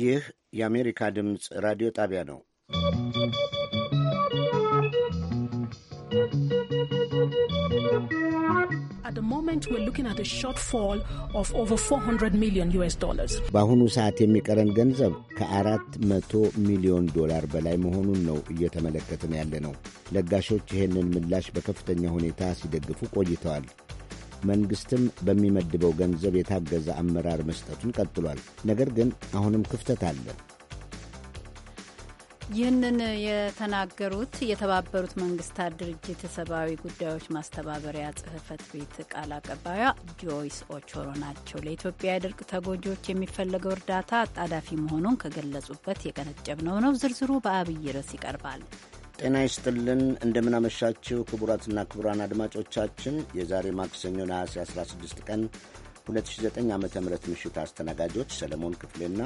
ይህ የአሜሪካ ድምፅ ራዲዮ ጣቢያ ነው። በአሁኑ ሰዓት የሚቀረን ገንዘብ ከአራት መቶ ሚሊዮን ዶላር በላይ መሆኑን ነው እየተመለከትን ያለ ነው። ለጋሾች ይህንን ምላሽ በከፍተኛ ሁኔታ ሲደግፉ ቆይተዋል። መንግሥትም በሚመድበው ገንዘብ የታገዘ አመራር መስጠቱን ቀጥሏል። ነገር ግን አሁንም ክፍተት አለ። ይህንን የተናገሩት የተባበሩት መንግስታት ድርጅት ሰብአዊ ጉዳዮች ማስተባበሪያ ጽህፈት ቤት ቃል አቀባዩ ጆይስ ኦቾሮ ናቸው። ለኢትዮጵያ የድርቅ ተጎጂዎች የሚፈለገው እርዳታ አጣዳፊ መሆኑን ከገለጹበት የቀነጨብነው ነው። ዝርዝሩ በአብይ ርዕስ ይቀርባል። ጤና ይስጥልን እንደምናመሻችው ክቡራትና ክቡራን አድማጮቻችን የዛሬ ማክሰኞ ነሐሴ 16 ቀን 2009 ዓ ም ምሽት አስተናጋጆች ሰለሞን ክፍሌና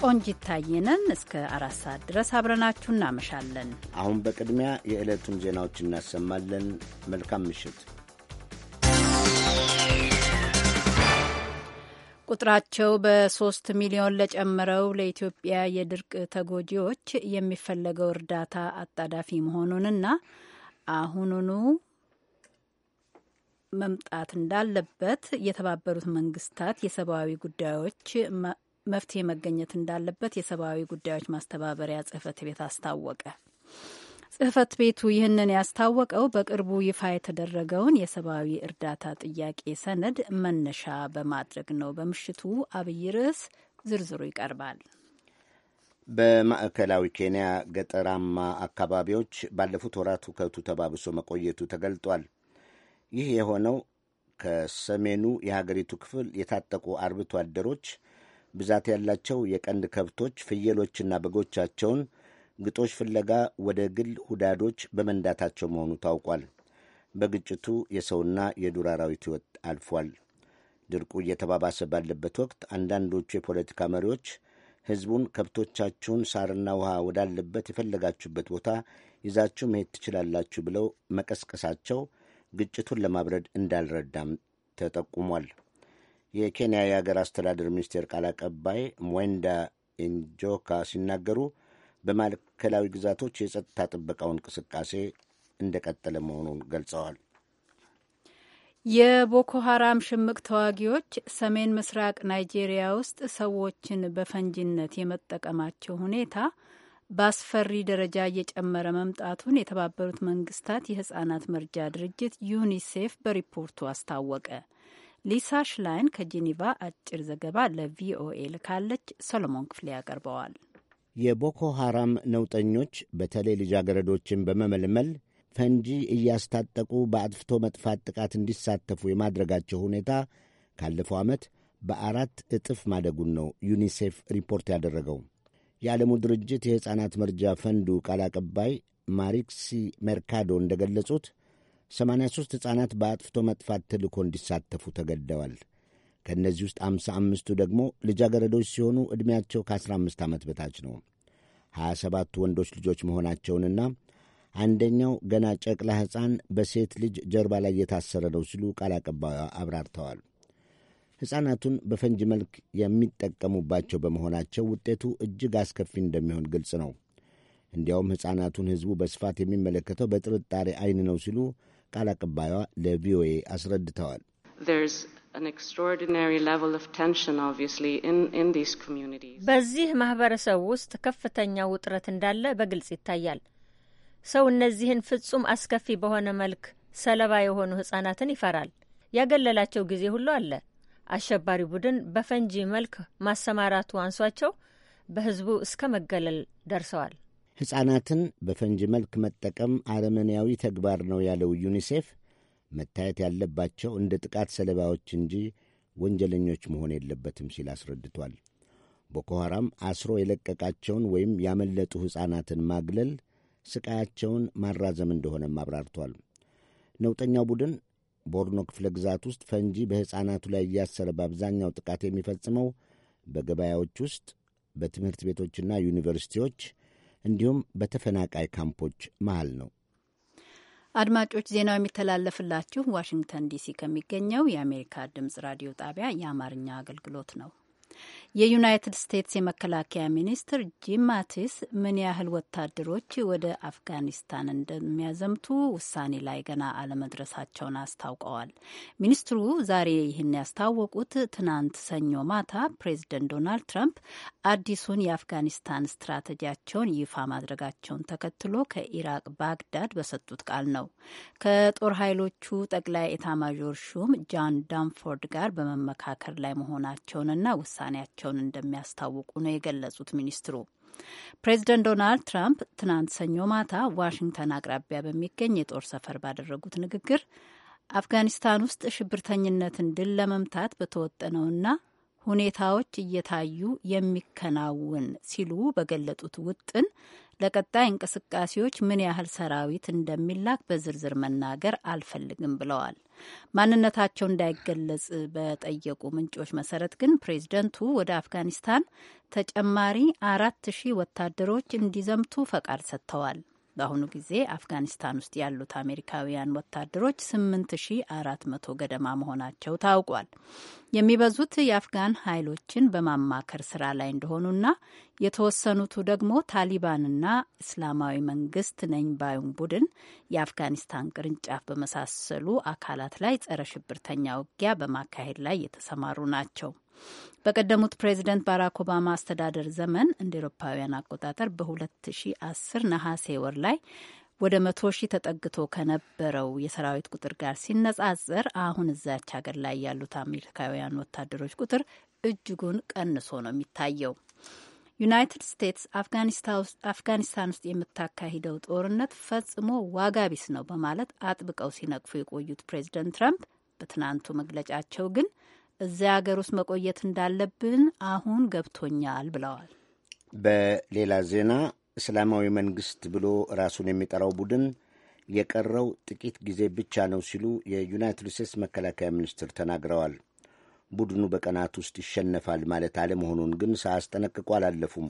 ቆንጂት ታየ እስከ አራት ሰዓት ድረስ አብረናችሁ እናመሻለን። አሁን በቅድሚያ የዕለቱን ዜናዎች እናሰማለን። መልካም ምሽት። ቁጥራቸው በሶስት ሚሊዮን ለጨመረው ለኢትዮጵያ የድርቅ ተጎጂዎች የሚፈለገው እርዳታ አጣዳፊ መሆኑንና አሁኑኑ መምጣት እንዳለበት የተባበሩት መንግስታት የሰብአዊ ጉዳዮች መፍትሄ መገኘት እንዳለበት የሰብአዊ ጉዳዮች ማስተባበሪያ ጽህፈት ቤት አስታወቀ። ጽህፈት ቤቱ ይህንን ያስታወቀው በቅርቡ ይፋ የተደረገውን የሰብአዊ እርዳታ ጥያቄ ሰነድ መነሻ በማድረግ ነው። በምሽቱ አብይ ርዕስ ዝርዝሩ ይቀርባል። በማዕከላዊ ኬንያ ገጠራማ አካባቢዎች ባለፉት ወራት ሁከቱ ተባብሶ መቆየቱ ተገልጧል። ይህ የሆነው ከሰሜኑ የሀገሪቱ ክፍል የታጠቁ አርብቶ አደሮች ብዛት ያላቸው የቀንድ ከብቶች፣ ፍየሎችና በጎቻቸውን ግጦሽ ፍለጋ ወደ ግል ሁዳዶች በመንዳታቸው መሆኑ ታውቋል። በግጭቱ የሰውና የዱር አራዊት ሕይወት አልፏል። ድርቁ እየተባባሰ ባለበት ወቅት አንዳንዶቹ የፖለቲካ መሪዎች ሕዝቡን ከብቶቻችሁን ሳርና ውሃ ወዳለበት የፈለጋችሁበት ቦታ ይዛችሁ መሄድ ትችላላችሁ ብለው መቀስቀሳቸው ግጭቱን ለማብረድ እንዳልረዳም ተጠቁሟል። የኬንያ የአገር አስተዳደር ሚኒስቴር ቃል አቀባይ ሞንዳ ኢንጆካ ሲናገሩ በማዕከላዊ ግዛቶች የጸጥታ ጥበቃው እንቅስቃሴ እንደቀጠለ መሆኑን ገልጸዋል። የቦኮ ሀራም ሽምቅ ተዋጊዎች ሰሜን ምስራቅ ናይጄሪያ ውስጥ ሰዎችን በፈንጂነት የመጠቀማቸው ሁኔታ በአስፈሪ ደረጃ እየጨመረ መምጣቱን የተባበሩት መንግስታት የህጻናት መርጃ ድርጅት ዩኒሴፍ በሪፖርቱ አስታወቀ። ሊሳ ሽላይን ከጄኔቫ አጭር ዘገባ ለቪኦኤ ልካለች። ሰሎሞን ክፍሌ ያቀርበዋል። የቦኮ ሐራም ነውጠኞች በተለይ ልጃገረዶችን በመመልመል ፈንጂ እያስታጠቁ በአጥፍቶ መጥፋት ጥቃት እንዲሳተፉ የማድረጋቸው ሁኔታ ካለፈው ዓመት በአራት እጥፍ ማደጉን ነው ዩኒሴፍ ሪፖርት ያደረገው። የዓለሙ ድርጅት የሕፃናት መርጃ ፈንዱ ቃል አቀባይ ማሪክሲ ሜርካዶ እንደገለጹት 83 ሕፃናት በአጥፍቶ መጥፋት ተልእኮ እንዲሳተፉ ተገደዋል። ከእነዚህ ውስጥ አምሳ አምስቱ ደግሞ ልጃገረዶች ሲሆኑ ዕድሜያቸው ከ15 ዓመት በታች ነው። 27ቱ ወንዶች ልጆች መሆናቸውንና አንደኛው ገና ጨቅላ ሕፃን በሴት ልጅ ጀርባ ላይ የታሰረ ነው ሲሉ ቃል አቀባዩ አብራርተዋል። ሕፃናቱን በፈንጅ መልክ የሚጠቀሙባቸው በመሆናቸው ውጤቱ እጅግ አስከፊ እንደሚሆን ግልጽ ነው። እንዲያውም ሕፃናቱን ሕዝቡ በስፋት የሚመለከተው በጥርጣሬ ዐይን ነው ሲሉ ቃል አቀባዩዋ ለቪኦኤ አስረድተዋል። በዚህ ማህበረሰብ ውስጥ ከፍተኛ ውጥረት እንዳለ በግልጽ ይታያል። ሰው እነዚህን ፍጹም አስከፊ በሆነ መልክ ሰለባ የሆኑ ህጻናትን ይፈራል። ያገለላቸው ጊዜ ሁሉ አለ። አሸባሪ ቡድን በፈንጂ መልክ ማሰማራቱ አንሷቸው በህዝቡ እስከ መገለል ደርሰዋል። ህጻናትን በፈንጂ መልክ መጠቀም አረመኔያዊ ተግባር ነው ያለው ዩኒሴፍ መታየት ያለባቸው እንደ ጥቃት ሰለባዎች እንጂ ወንጀለኞች መሆን የለበትም ሲል አስረድቷል። ቦኮ ሐራም አስሮ የለቀቃቸውን ወይም ያመለጡ ሕፃናትን ማግለል ስቃያቸውን ማራዘም እንደሆነም አብራርቷል። ነውጠኛው ቡድን ቦርኖ ክፍለ ግዛት ውስጥ ፈንጂ በሕፃናቱ ላይ እያሰረ በአብዛኛው ጥቃት የሚፈጽመው በገበያዎች ውስጥ፣ በትምህርት ቤቶችና ዩኒቨርሲቲዎች እንዲሁም በተፈናቃይ ካምፖች መሃል ነው። አድማጮች ዜናው የሚተላለፍላችሁ ዋሽንግተን ዲሲ ከሚገኘው የአሜሪካ ድምጽ ራዲዮ ጣቢያ የአማርኛ አገልግሎት ነው። የዩናይትድ ስቴትስ የመከላከያ ሚኒስትር ጂም ማቲስ ምን ያህል ወታደሮች ወደ አፍጋኒስታን እንደሚያዘምቱ ውሳኔ ላይ ገና አለመድረሳቸውን አስታውቀዋል። ሚኒስትሩ ዛሬ ይህን ያስታወቁት ትናንት ሰኞ ማታ ፕሬዚደንት ዶናልድ ትራምፕ አዲሱን የአፍጋኒስታን ስትራቴጂያቸውን ይፋ ማድረጋቸውን ተከትሎ ከኢራቅ ባግዳድ በሰጡት ቃል ነው። ከጦር ኃይሎቹ ጠቅላይ ኤታማዦር ሹም ጃን ዳንፎርድ ጋር በመመካከር ላይ መሆናቸውንና ውሳኔ ውሳኔያቸውን እንደሚያስታውቁ ነው የገለጹት ሚኒስትሩ። ፕሬዚደንት ዶናልድ ትራምፕ ትናንት ሰኞ ማታ ዋሽንግተን አቅራቢያ በሚገኝ የጦር ሰፈር ባደረጉት ንግግር አፍጋኒስታን ውስጥ ሽብርተኝነትን ድል ለመምታት በተወጠነውና ሁኔታዎች እየታዩ የሚከናውን ሲሉ በገለጡት ውጥን ለቀጣይ እንቅስቃሴዎች ምን ያህል ሰራዊት እንደሚላክ በዝርዝር መናገር አልፈልግም ብለዋል። ማንነታቸው እንዳይገለጽ በጠየቁ ምንጮች መሰረት ግን ፕሬዝደንቱ ወደ አፍጋኒስታን ተጨማሪ አራት ሺህ ወታደሮች እንዲዘምቱ ፈቃድ ሰጥተዋል። በአሁኑ ጊዜ አፍጋኒስታን ውስጥ ያሉት አሜሪካውያን ወታደሮች 8400 ገደማ መሆናቸው ታውቋል። የሚበዙት የአፍጋን ኃይሎችን በማማከር ስራ ላይ እንደሆኑና የተወሰኑቱ ደግሞ ታሊባንና እስላማዊ መንግስት ነኝ ባዩን ቡድን የአፍጋኒስታን ቅርንጫፍ በመሳሰሉ አካላት ላይ ጸረ ሽብርተኛ ውጊያ በማካሄድ ላይ የተሰማሩ ናቸው። በቀደሙት ፕሬዚደንት ባራክ ኦባማ አስተዳደር ዘመን እንደ ኤሮፓውያን አቆጣጠር በ2010 ነሐሴ ወር ላይ ወደ መቶ ሺህ ተጠግቶ ከነበረው የሰራዊት ቁጥር ጋር ሲነጻጸር አሁን እዛች ሀገር ላይ ያሉት አሜሪካውያን ወታደሮች ቁጥር እጅጉን ቀንሶ ነው የሚታየው። ዩናይትድ ስቴትስ አፍጋኒስታን ውስጥ የምታካሂደው ጦርነት ፈጽሞ ዋጋ ቢስ ነው በማለት አጥብቀው ሲነቅፉ የቆዩት ፕሬዚደንት ትራምፕ በትናንቱ መግለጫቸው ግን እዚያ ሀገር ውስጥ መቆየት እንዳለብን አሁን ገብቶኛል ብለዋል። በሌላ ዜና እስላማዊ መንግስት ብሎ ራሱን የሚጠራው ቡድን የቀረው ጥቂት ጊዜ ብቻ ነው ሲሉ የዩናይትድ ስቴትስ መከላከያ ሚኒስትር ተናግረዋል። ቡድኑ በቀናት ውስጥ ይሸነፋል ማለት አለመሆኑን ግን ሳያስጠነቅቁ አላለፉም።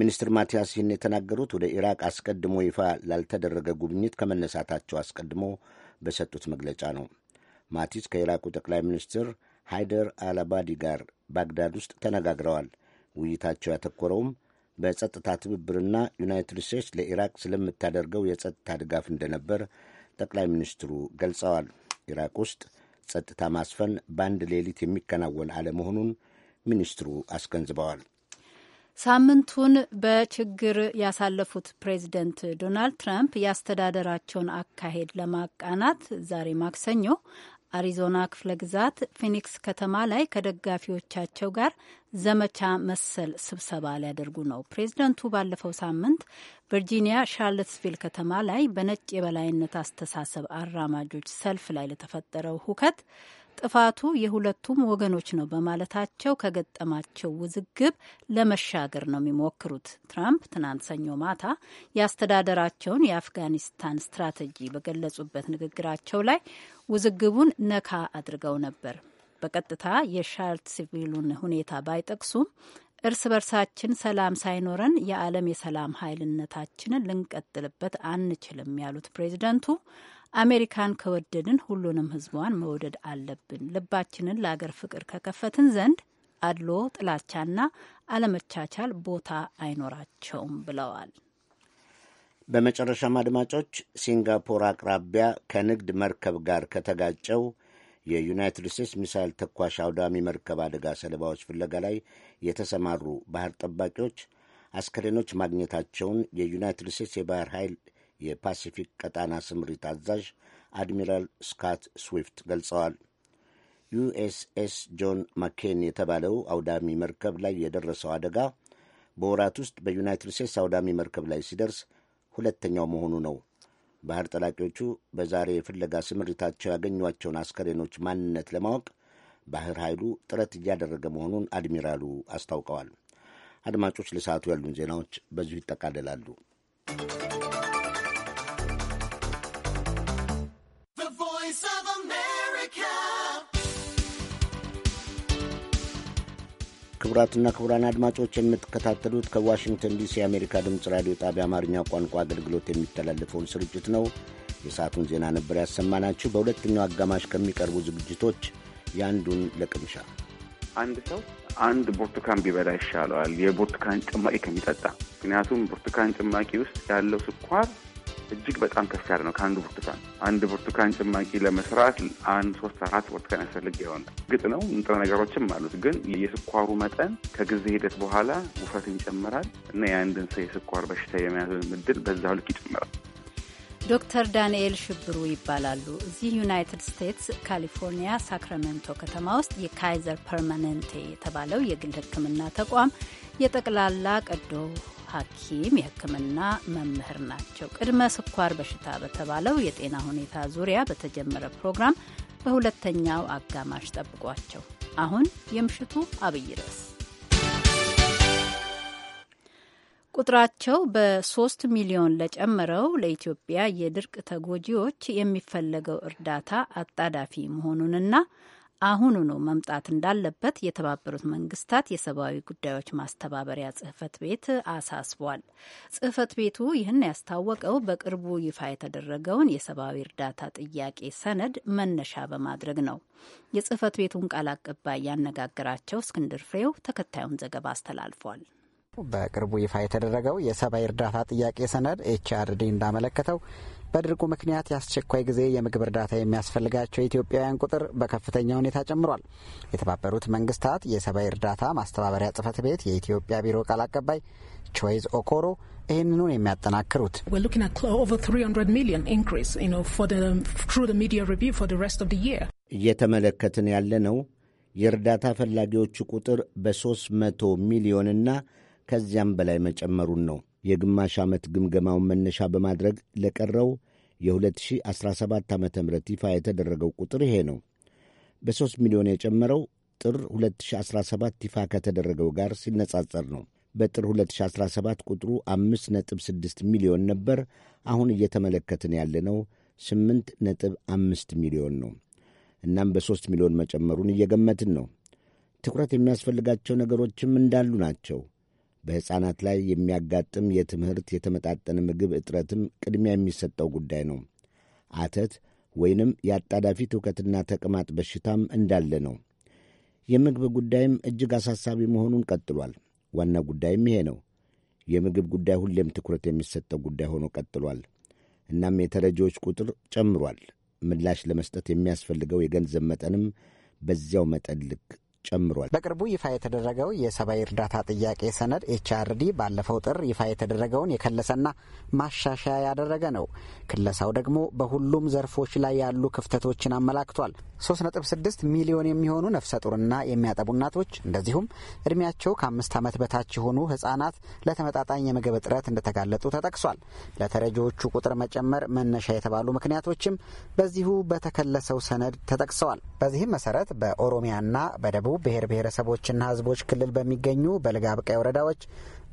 ሚኒስትር ማቲያስ ይህን የተናገሩት ወደ ኢራቅ አስቀድሞ ይፋ ላልተደረገ ጉብኝት ከመነሳታቸው አስቀድሞ በሰጡት መግለጫ ነው። ማቲስ ከኢራቁ ጠቅላይ ሚኒስትር ሃይደር አልአባዲ ጋር ባግዳድ ውስጥ ተነጋግረዋል። ውይይታቸው ያተኮረውም በጸጥታ ትብብርና ዩናይትድ ስቴትስ ለኢራቅ ስለምታደርገው የጸጥታ ድጋፍ እንደነበር ጠቅላይ ሚኒስትሩ ገልጸዋል። ኢራቅ ውስጥ ጸጥታ ማስፈን በአንድ ሌሊት የሚከናወን አለመሆኑን ሚኒስትሩ አስገንዝበዋል። ሳምንቱን በችግር ያሳለፉት ፕሬዚደንት ዶናልድ ትራምፕ የአስተዳደራቸውን አካሄድ ለማቃናት ዛሬ ማክሰኞ አሪዞና ክፍለ ግዛት ፊኒክስ ከተማ ላይ ከደጋፊዎቻቸው ጋር ዘመቻ መሰል ስብሰባ ሊያደርጉ ነው። ፕሬዚደንቱ ባለፈው ሳምንት ቨርጂኒያ ሻርለትስቪል ከተማ ላይ በነጭ የበላይነት አስተሳሰብ አራማጆች ሰልፍ ላይ ለተፈጠረው ሁከት ጥፋቱ የሁለቱም ወገኖች ነው በማለታቸው ከገጠማቸው ውዝግብ ለመሻገር ነው የሚሞክሩት። ትራምፕ ትናንት ሰኞ ማታ የአስተዳደራቸውን የአፍጋኒስታን ስትራቴጂ በገለጹበት ንግግራቸው ላይ ውዝግቡን ነካ አድርገው ነበር። በቀጥታ የሻርልስቪሉን ሁኔታ ባይጠቅሱም እርስ በርሳችን ሰላም ሳይኖረን የዓለም የሰላም ኃይልነታችንን ልንቀጥልበት አንችልም ያሉት ፕሬዚደንቱ አሜሪካን ከወደድን ሁሉንም ህዝቧን መውደድ አለብን። ልባችንን ለአገር ፍቅር ከከፈትን ዘንድ አድሎ፣ ጥላቻና አለመቻቻል ቦታ አይኖራቸውም ብለዋል። በመጨረሻም አድማጮች ሲንጋፖር አቅራቢያ ከንግድ መርከብ ጋር ከተጋጨው የዩናይትድ ስቴትስ ሚሳይል ተኳሽ አውዳሚ መርከብ አደጋ ሰለባዎች ፍለጋ ላይ የተሰማሩ ባህር ጠባቂዎች አስከሬኖች ማግኘታቸውን የዩናይትድ ስቴትስ የባህር ኃይል የፓሲፊክ ቀጣና ስምሪት አዛዥ አድሚራል ስካት ስዊፍት ገልጸዋል። ዩኤስኤስ ጆን ማኬን የተባለው አውዳሚ መርከብ ላይ የደረሰው አደጋ በወራት ውስጥ በዩናይትድ ስቴትስ አውዳሚ መርከብ ላይ ሲደርስ ሁለተኛው መሆኑ ነው። ባህር ጠላቂዎቹ በዛሬ የፍለጋ ስምሪታቸው ያገኟቸውን አስከሬኖች ማንነት ለማወቅ ባህር ኃይሉ ጥረት እያደረገ መሆኑን አድሚራሉ አስታውቀዋል። አድማጮች፣ ለሰዓቱ ያሉን ዜናዎች በዚሁ ይጠቃልላሉ። ክቡራትና ክቡራን አድማጮች የምትከታተሉት ከዋሽንግተን ዲሲ የአሜሪካ ድምፅ ራዲዮ ጣቢያ አማርኛ ቋንቋ አገልግሎት የሚተላለፈውን ስርጭት ነው። የሰዓቱን ዜና ነበር ያሰማናችሁ። በሁለተኛው አጋማሽ ከሚቀርቡ ዝግጅቶች የአንዱን ለቅምሻ አንድ ሰው አንድ ብርቱካን ቢበላ ይሻለዋል የብርቱካን ጭማቂ ከሚጠጣ ምክንያቱም ብርቱካን ጭማቂ ውስጥ ያለው ስኳር እጅግ በጣም ያለ ነው። ከአንዱ ብርቱካን አንድ ብርቱካን ጭማቂ ለመስራት አንድ ሶስት አራት ብርቱካን ያስፈልግ ይሆናል። ግጥ ነው ንጥረ ነገሮችም አሉት፣ ግን የስኳሩ መጠን ከጊዜ ሂደት በኋላ ውፍረትን ይጨምራል እና የአንድን ሰው የስኳር በሽታ የመያዝ ምድል በዛው ልክ ይጨምራል። ዶክተር ዳንኤል ሽብሩ ይባላሉ። እዚህ ዩናይትድ ስቴትስ ካሊፎርኒያ ሳክራሜንቶ ከተማ ውስጥ የካይዘር ፐርማነንቴ የተባለው የግል ሕክምና ተቋም የጠቅላላ ቀዶ ሐኪም የሕክምና መምህር ናቸው። ቅድመ ስኳር በሽታ በተባለው የጤና ሁኔታ ዙሪያ በተጀመረ ፕሮግራም በሁለተኛው አጋማሽ ጠብቋቸው። አሁን የምሽቱ አብይ ርዕስ ቁጥራቸው በሶስት ሚሊዮን ለጨመረው ለኢትዮጵያ የድርቅ ተጎጂዎች የሚፈለገው እርዳታ አጣዳፊ መሆኑንና አሁኑኑ መምጣት እንዳለበት የተባበሩት መንግስታት የሰብአዊ ጉዳዮች ማስተባበሪያ ጽህፈት ቤት አሳስቧል። ጽህፈት ቤቱ ይህን ያስታወቀው በቅርቡ ይፋ የተደረገውን የሰብአዊ እርዳታ ጥያቄ ሰነድ መነሻ በማድረግ ነው። የጽህፈት ቤቱን ቃል አቀባይ ያነጋገራቸው እስክንድር ፍሬው ተከታዩን ዘገባ አስተላልፏል። በቅርቡ ይፋ የተደረገው የሰብአዊ እርዳታ ጥያቄ ሰነድ ኤችአርዲ እንዳመለከተው በድርቁ ምክንያት የአስቸኳይ ጊዜ የምግብ እርዳታ የሚያስፈልጋቸው ኢትዮጵያውያን ቁጥር በከፍተኛ ሁኔታ ጨምሯል። የተባበሩት መንግስታት የሰብአዊ እርዳታ ማስተባበሪያ ጽህፈት ቤት የኢትዮጵያ ቢሮ ቃል አቀባይ ቾይዝ ኦኮሮ ይህንኑ የሚያጠናክሩት እየተመለከትን ያለነው የእርዳታ ፈላጊዎቹ ቁጥር 3 መቶ ሚሊዮንና ከዚያም በላይ መጨመሩን ነው የግማሽ ዓመት ግምገማውን መነሻ በማድረግ ለቀረው የ2017 ዓ ም ይፋ የተደረገው ቁጥር ይሄ ነው። በ3 ሚሊዮን የጨመረው ጥር 2017 ይፋ ከተደረገው ጋር ሲነጻጸር ነው። በጥር 2017 ቁጥሩ 5.6 ሚሊዮን ነበር። አሁን እየተመለከትን ያለነው 8.5 ሚሊዮን ነው። እናም በ3 ሚሊዮን መጨመሩን እየገመትን ነው። ትኩረት የሚያስፈልጋቸው ነገሮችም እንዳሉ ናቸው። በሕፃናት ላይ የሚያጋጥም የትምህርት የተመጣጠነ ምግብ እጥረትም ቅድሚያ የሚሰጠው ጉዳይ ነው። አተት ወይንም የአጣዳፊ ትውከትና ተቅማጥ በሽታም እንዳለ ነው። የምግብ ጉዳይም እጅግ አሳሳቢ መሆኑን ቀጥሏል። ዋና ጉዳይም ይሄ ነው። የምግብ ጉዳይ ሁሌም ትኩረት የሚሰጠው ጉዳይ ሆኖ ቀጥሏል። እናም የተረጂዎች ቁጥር ጨምሯል። ምላሽ ለመስጠት የሚያስፈልገው የገንዘብ መጠንም በዚያው መጠን ልክ ጨምሯል። በቅርቡ ይፋ የተደረገው የሰብአዊ እርዳታ ጥያቄ ሰነድ ኤችአርዲ ባለፈው ጥር ይፋ የተደረገውን የከለሰና ማሻሻያ ያደረገ ነው። ክለሳው ደግሞ በሁሉም ዘርፎች ላይ ያሉ ክፍተቶችን አመላክቷል። 3.6 ሚሊዮን የሚሆኑ ነፍሰ ጡርና የሚያጠቡ እናቶች እንደዚሁም እድሜያቸው ከአምስት ዓመት በታች የሆኑ ህጻናት ለተመጣጣኝ የምግብ እጥረት እንደተጋለጡ ተጠቅሷል። ለተረጂዎቹ ቁጥር መጨመር መነሻ የተባሉ ምክንያቶችም በዚሁ በተከለሰው ሰነድ ተጠቅሰዋል። በዚህም መሰረት በኦሮሚያና በደቡብ ብሔር ብሔረሰቦችና ህዝቦች ክልል በሚገኙ በልጋ ወረዳዎች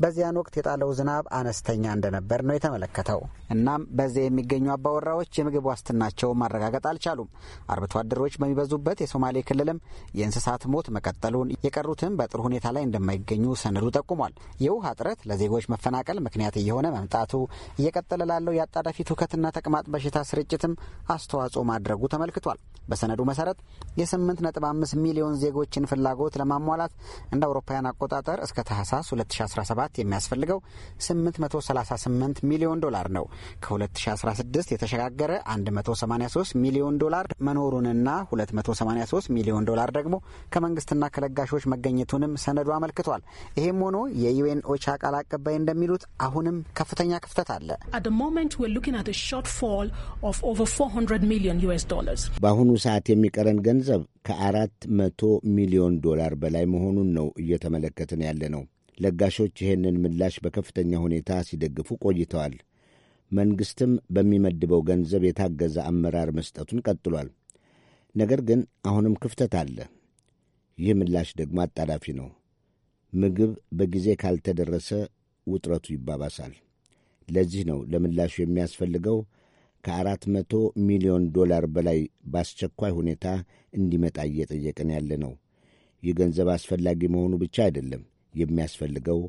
በዚያን ወቅት የጣለው ዝናብ አነስተኛ እንደነበር ነው የተመለከተው። እናም በዚያ የሚገኙ አባወራዎች የምግብ ዋስትናቸው ማረጋገጥ አልቻሉም። አርብቶ አደሮች በሚበዙበት የሶማሌ ክልልም የእንስሳት ሞት መቀጠሉን፣ የቀሩትም በጥሩ ሁኔታ ላይ እንደማይገኙ ሰነዱ ጠቁሟል። የውሃ እጥረት ለዜጎች መፈናቀል ምክንያት እየሆነ መምጣቱ እየቀጠለ ላለው የአጣዳፊ ትውከትና ተቅማጥ በሽታ ስርጭትም አስተዋጽኦ ማድረጉ ተመልክቷል። በሰነዱ መሰረት የ8.5 ሚሊዮን ዜጎችን ፍላጎት ለማሟላት እንደ አውሮፓውያን አቆጣጠር እስከ ታህሳስ 2017 2017 የሚያስፈልገው 838 ሚሊዮን ዶላር ነው። ከ2016 የተሸጋገረ 183 ሚሊዮን ዶላር መኖሩንና 283 ሚሊዮን ዶላር ደግሞ ከመንግስትና ከለጋሾች መገኘቱንም ሰነዱ አመልክቷል። ይህም ሆኖ የዩኤን ኦቻ ቃል አቀባይ እንደሚሉት አሁንም ከፍተኛ ክፍተት አለ። በአሁኑ ሰዓት የሚቀረን ገንዘብ ከአራት መቶ ሚሊዮን ዶላር በላይ መሆኑን ነው እየተመለከትን ያለ ነው። ለጋሾች ይህንን ምላሽ በከፍተኛ ሁኔታ ሲደግፉ ቆይተዋል። መንግሥትም በሚመድበው ገንዘብ የታገዘ አመራር መስጠቱን ቀጥሏል። ነገር ግን አሁንም ክፍተት አለ። ይህ ምላሽ ደግሞ አጣዳፊ ነው። ምግብ በጊዜ ካልተደረሰ ውጥረቱ ይባባሳል። ለዚህ ነው ለምላሹ የሚያስፈልገው ከአራት መቶ ሚሊዮን ዶላር በላይ በአስቸኳይ ሁኔታ እንዲመጣ እየጠየቅን ያለ ነው። ይህ ገንዘብ አስፈላጊ መሆኑ ብቻ አይደለም፣ የሚያስፈልገው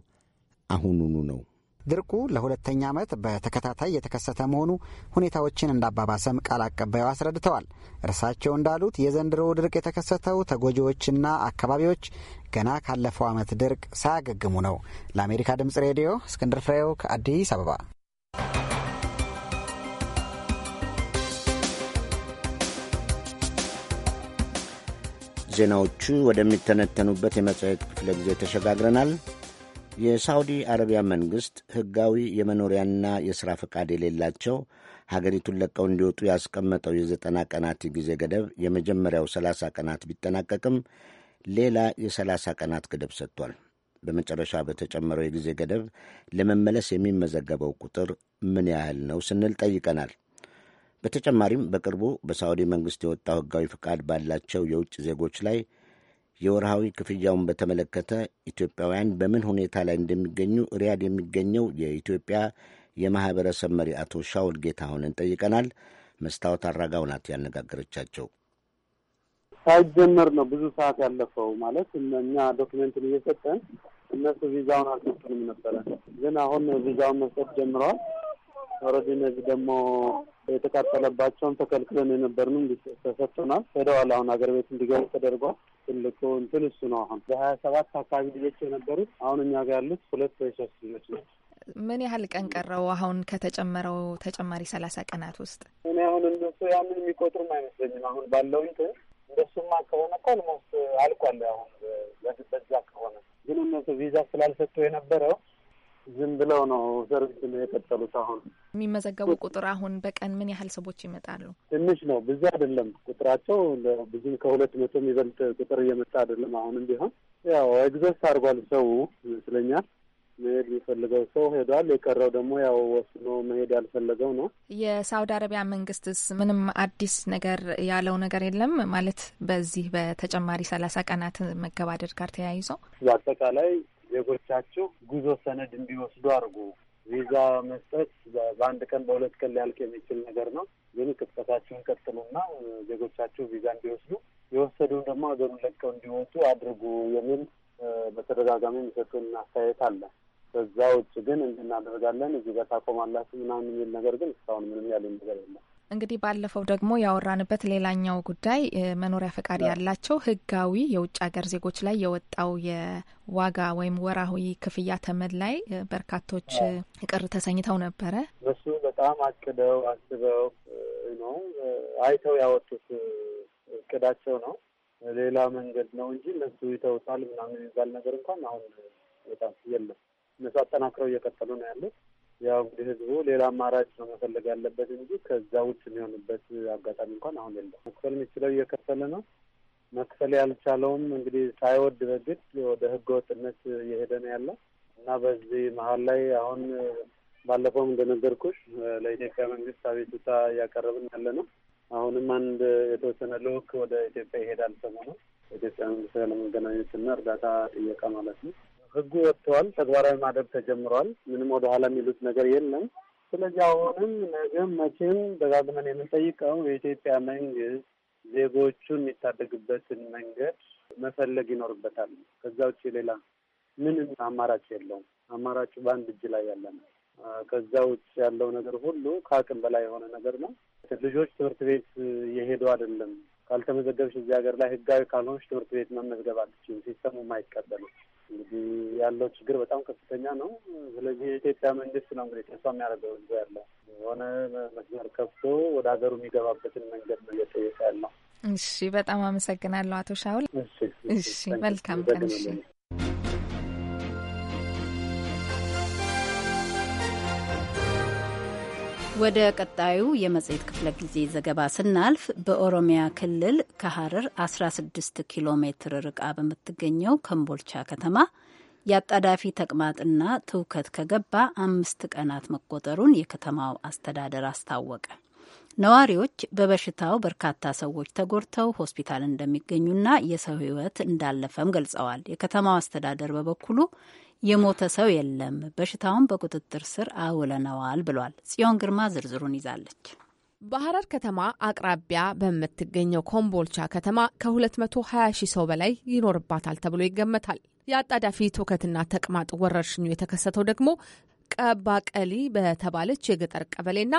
አሁኑኑ ነው። ድርቁ ለሁለተኛ ዓመት በተከታታይ የተከሰተ መሆኑ ሁኔታዎችን እንዳባባሰም ቃል አቀባዩ አስረድተዋል። እርሳቸው እንዳሉት የዘንድሮ ድርቅ የተከሰተው ተጎጂዎችና አካባቢዎች ገና ካለፈው ዓመት ድርቅ ሳያገግሙ ነው። ለአሜሪካ ድምፅ ሬዲዮ እስክንድር ፍሬው ከአዲስ አበባ ዜናዎቹ ወደሚተነተኑበት የመጽሔት ክፍለ ጊዜ ተሸጋግረናል። የሳውዲ አረቢያ መንግሥት ሕጋዊ የመኖሪያና የሥራ ፈቃድ የሌላቸው ሀገሪቱን ለቀው እንዲወጡ ያስቀመጠው የዘጠና ቀናት ጊዜ ገደብ የመጀመሪያው 30 ቀናት ቢጠናቀቅም ሌላ የ30 ቀናት ገደብ ሰጥቷል። በመጨረሻ በተጨመረው የጊዜ ገደብ ለመመለስ የሚመዘገበው ቁጥር ምን ያህል ነው ስንል ጠይቀናል። በተጨማሪም በቅርቡ በሳዑዲ መንግሥት የወጣው ሕጋዊ ፍቃድ ባላቸው የውጭ ዜጎች ላይ የወርሃዊ ክፍያውን በተመለከተ ኢትዮጵያውያን በምን ሁኔታ ላይ እንደሚገኙ ሪያድ የሚገኘው የኢትዮጵያ የማኅበረሰብ መሪ አቶ ሻውል ጌታሁንን ጠይቀናል። መስታወት አራጋው ናት ያነጋገረቻቸው። ሳይጀመር ነው ብዙ ሰዓት ያለፈው። ማለት እኛ ዶክመንትን እየሰጠን እነሱ ቪዛውን አልሰጡንም ነበረ፣ ግን አሁን ቪዛውን መስጠት ጀምረዋል። ኦልሬዲ እነዚህ ደግሞ የተቃጠለባቸውን ተከልክለን የነበርንም ተሰጥቶናል። ሄደዋል። አሁን ሀገር ቤት እንዲገቡ ተደርጓል። ትልቁ እንትን እሱ ነው። አሁን በሀያ ሰባት አካባቢ ልጆች የነበሩት አሁን እኛ ጋር ያሉት ሁለት ወይ ሶስት ልጆች ነው። ምን ያህል ቀን ቀረው? አሁን ከተጨመረው ተጨማሪ ሰላሳ ቀናት ውስጥ እኔ አሁን እነሱ ያንን የሚቆጥሩም አይመስለኝም። አሁን ባለው እንትን እንደሱማ ከሆነ እኮ አልሞስት አልቋል። አሁን በዛ ከሆነ ግን እነሱ ቪዛ ስላልሰጡ የነበረው ዝም ብለው ነው ሰርቪስ ነው የቀጠሉት። አሁን የሚመዘገቡ ቁጥር አሁን በቀን ምን ያህል ሰዎች ይመጣሉ? ትንሽ ነው፣ ብዙ አይደለም ቁጥራቸው። ብዙም ከሁለት መቶ የሚበልጥ ቁጥር እየመጣ አይደለም። አሁንም ቢሆን ያው ኤግዞስት አድርጓል ሰው ይመስለኛል። መሄድ የሚፈልገው ሰው ሄዷል። የቀረው ደግሞ ያው ወስኖ መሄድ ያልፈለገው ነው። የሳውዲ አረቢያ መንግስትስ ምንም አዲስ ነገር ያለው ነገር የለም ማለት በዚህ በተጨማሪ ሰላሳ ቀናት መገባደድ ጋር ተያይዞ በአጠቃላይ ዜጎቻችሁ ጉዞ ሰነድ እንዲወስዱ አድርጉ። ቪዛ መስጠት በአንድ ቀን በሁለት ቀን ሊያልቅ የሚችል ነገር ነው። ግን ቅስቀሳችሁን ቀጥሉና ዜጎቻችሁ ቪዛ እንዲወስዱ የወሰዱን ደግሞ ሀገሩን ለቀው እንዲወጡ አድርጉ የሚል በተደጋጋሚ የሚሰጡን አስተያየት አለ። ከዛ ውጭ ግን እንድናደርጋለን እዚህ ጋር ታቆማላችሁ ምናምን የሚል ነገር ግን እስካሁን ምንም ያለኝ ነገር የለም። እንግዲህ ባለፈው ደግሞ ያወራንበት ሌላኛው ጉዳይ መኖሪያ ፈቃድ ያላቸው ህጋዊ የውጭ ሀገር ዜጎች ላይ የወጣው የዋጋ ወይም ወራዊ ክፍያ ተመድ ላይ በርካቶች ቅር ተሰኝተው ነበረ። በሱ በጣም አቅደው አስበው ነው አይተው ያወጡት እቅዳቸው ነው። ሌላ መንገድ ነው እንጂ እነሱ ይተውታል ምናምን የሚባል ነገር እንኳን አሁን በጣም የለም። እነሱ አጠናክረው እየቀጠሉ ነው ያሉት። ያው እንግዲህ ህዝቡ ሌላ አማራጭ ነው መፈለግ ያለበት እንጂ ከዛ ውጭ የሚሆንበት አጋጣሚ እንኳን አሁን የለም። መክፈል የሚችለው እየከፈለ ነው። መክፈል ያልቻለውም እንግዲህ ሳይወድ በግድ ወደ ህገወጥነት እየሄደ ነው ያለው እና በዚህ መሀል ላይ አሁን ባለፈውም እንደነገርኩሽ ለኢትዮጵያ መንግስት አቤቱታ እያቀረብን ያለ ነው። አሁንም አንድ የተወሰነ ልዑክ ወደ ኢትዮጵያ ይሄዳል ሰሞኑን ኢትዮጵያ መንግስት ለመገናኘት እና እርዳታ ጥየቃ ማለት ነው። ህጉ ወጥተዋል። ተግባራዊ ማደብ ተጀምሯል። ምንም ወደኋላ የሚሉት ነገር የለም። ስለዚህ አሁንም ነገም መቼም ደጋግመን የምንጠይቀው የኢትዮጵያ መንግስት ዜጎቹን የሚታደግበትን መንገድ መፈለግ ይኖርበታል። ከዛ ውጭ ሌላ ምንም አማራጭ የለውም። አማራጩ በአንድ እጅ ላይ ያለ ነው። ከዛ ውጭ ያለው ነገር ሁሉ ከአቅም በላይ የሆነ ነገር ነው። ልጆች ትምህርት ቤት እየሄዱ አይደለም። ካልተመዘገብሽ እዚህ ሀገር ላይ ህጋዊ ካልሆንሽ ትምህርት ቤት መመዝገብ አትችይም። ሲስተሙም አይቀበልም። እንግዲህ ያለው ችግር በጣም ከፍተኛ ነው። ስለዚህ የኢትዮጵያ መንግስት ነው እንግዲህ ተስፋ የሚያደርገው እዚ ያለው የሆነ መስመር ከፍቶ ወደ ሀገሩ የሚገባበትን መንገድ ነው እየጠየቀ ያለው። እሺ፣ በጣም አመሰግናለሁ አቶ ሻውል። እሺ፣ መልካም ቀን። እሺ። ወደ ቀጣዩ የመጽሔት ክፍለ ጊዜ ዘገባ ስናልፍ በኦሮሚያ ክልል ከሐረር 16 ኪሎ ሜትር ርቃ በምትገኘው ከምቦልቻ ከተማ የአጣዳፊ ተቅማጥና ትውከት ከገባ አምስት ቀናት መቆጠሩን የከተማው አስተዳደር አስታወቀ። ነዋሪዎች በበሽታው በርካታ ሰዎች ተጎድተው ሆስፒታል እንደሚገኙና የሰው ሕይወት እንዳለፈም ገልጸዋል። የከተማው አስተዳደር በበኩሉ የሞተ ሰው የለም፣ በሽታውን በቁጥጥር ስር አውለነዋል ብሏል። ጽዮን ግርማ ዝርዝሩን ይዛለች። በሐረር ከተማ አቅራቢያ በምትገኘው ኮምቦልቻ ከተማ ከ220 ሺህ ሰው በላይ ይኖርባታል ተብሎ ይገመታል። የአጣዳፊ ትውከትና ተቅማጥ ወረርሽኙ የተከሰተው ደግሞ ቀባቀሊ በተባለች የገጠር ቀበሌና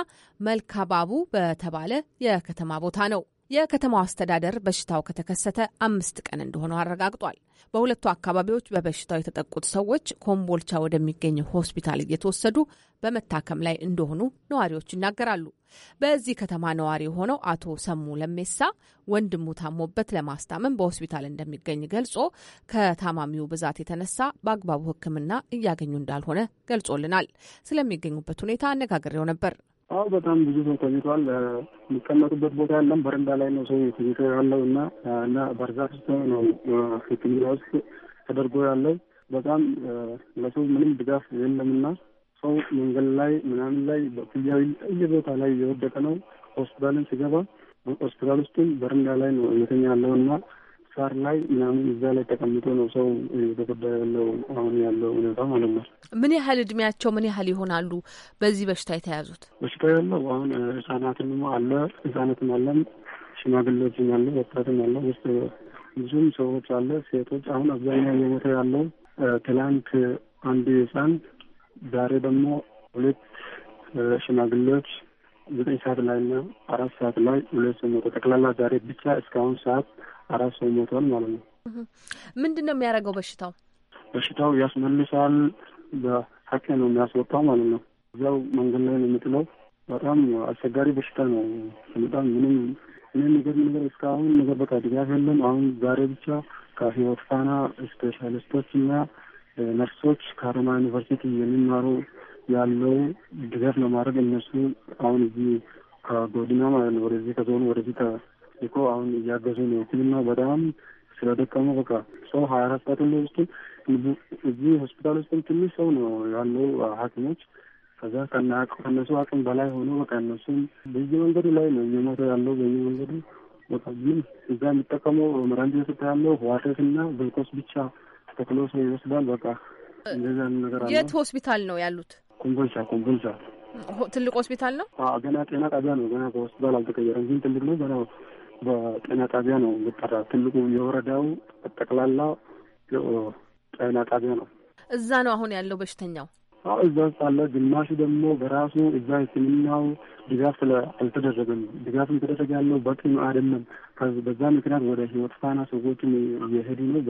መልካባቡ በተባለ የከተማ ቦታ ነው። የከተማው አስተዳደር በሽታው ከተከሰተ አምስት ቀን እንደሆነ አረጋግጧል። በሁለቱ አካባቢዎች በበሽታው የተጠቁት ሰዎች ኮምቦልቻ ወደሚገኘው ሆስፒታል እየተወሰዱ በመታከም ላይ እንደሆኑ ነዋሪዎች ይናገራሉ። በዚህ ከተማ ነዋሪ የሆነው አቶ ሰሙ ለሜሳ ወንድሙ ታሞበት ለማስታመም በሆስፒታል እንደሚገኝ ገልጾ ከታማሚው ብዛት የተነሳ በአግባቡ ሕክምና እያገኙ እንዳልሆነ ገልጾልናል። ስለሚገኙበት ሁኔታ አነጋግሬው ነበር። አዎ በጣም ብዙ ሰው ተኝቷል። የሚቀመጡበት ቦታ የለም። በረንዳ ላይ ነው ሰው ተኝቶ ያለው እና እና በርዛት ነው ሕክምና ውስጥ ተደርጎ ያለው በጣም ለሰው ምንም ድጋፍ የለምና ሰው መንገድ ላይ ምናምን ላይ በክያዊ ቦታ ላይ እየወደቀ ነው። ሆስፒታልን ሲገባ ሆስፒታል ውስጥም በረንዳ ላይ ነው እየተኛ ያለው እና ሳር ላይ ምናምን እዛ ላይ ተቀምጦ ነው ሰው የተጎዳ ያለው አሁን ያለው ሁኔታ ማለት ነው። ምን ያህል እድሜያቸው ምን ያህል ይሆናሉ በዚህ በሽታ የተያዙት? በሽታ ያለው አሁን ህጻናትም አለ ህጻናትም አለም ሽማግሌዎችም አለ ወጣትም አለ ውስጥ ብዙም ሰዎች አለ ሴቶች። አሁን አብዛኛው የሞተ ያለው ትላንት አንድ ህጻን ዛሬ ደግሞ ሁለት ሽማግሌዎች ዘጠኝ ሰዓት ላይ እና አራት ሰዓት ላይ ሁለት ሰው ሞተ። ጠቅላላ ዛሬ ብቻ እስካሁን ሰዓት አራት ሰው ሞቷል ማለት ነው። ምንድን ነው የሚያደርገው በሽታው? በሽታው ያስመልሳል። በሀቄ ነው የሚያስወጣው ማለት ነው። እዚያው መንገድ ላይ ነው የምጥለው። በጣም አስቸጋሪ በሽታ ነው። በጣም ምንም ምን ነገር ነገር እስካሁን ነገር በቃ ድጋፍ የለም። አሁን ዛሬ ብቻ ከህይወት ፋና ስፔሻሊስቶች እና ነርሶች ከአረማ ዩኒቨርሲቲ የሚማሩ ያለው ድጋፍ ለማድረግ እነሱ አሁን እዚህ ከጎዲና ማለት ነው ወደዚህ ከዞኑ ወደዚህ እኮ አሁን እያገዙ ነው። ህክምና በጣም ስለደቀሙ በቃ ሰው ሀያ አራት ሰዓት ነው ውስጡ እዚህ ሆስፒታል ውስጥም ትንሽ ሰው ነው ያለው ሐኪሞች ከዛ ከናቅ ከነሱ አቅም በላይ ሆኖ በቃ እነሱም በየ መንገዱ ላይ ነው እየሞተ ያለው በየ መንገዱ በቃ ግን እዛ የሚጠቀመው መራንጅ ስታ ያለው ዋቴስ እና ብልቆስ ብቻ ተክሎ ሰው ይወስዳል። በቃ እንደዚ ነገር አለ። የት ሆስፒታል ነው ያሉት? ኮምቦልቻ ኮምቦልቻ ትልቅ ሆስፒታል ነው። ገና ጤና ጣቢያ ነው። ገና ከሆስፒታል አልተቀየረም፣ ግን ትልቅ ነው ገና በጤና ጣቢያ ነው የሚጠራ። ትልቁ የወረዳው ጠቅላላ ጤና ጣቢያ ነው። እዛ ነው አሁን ያለው በሽተኛው እዛ ውስጥ አለ። ግማሹ ደግሞ በራሱ እዛ ሕክምናው ድጋፍ ስለ አልተደረገም። ድጋፍ ተደረገ ያለው በቂ አይደለም። በዛ ምክንያት ወደ ህይወት ፋና ሰዎችም እየሄዱ ነው።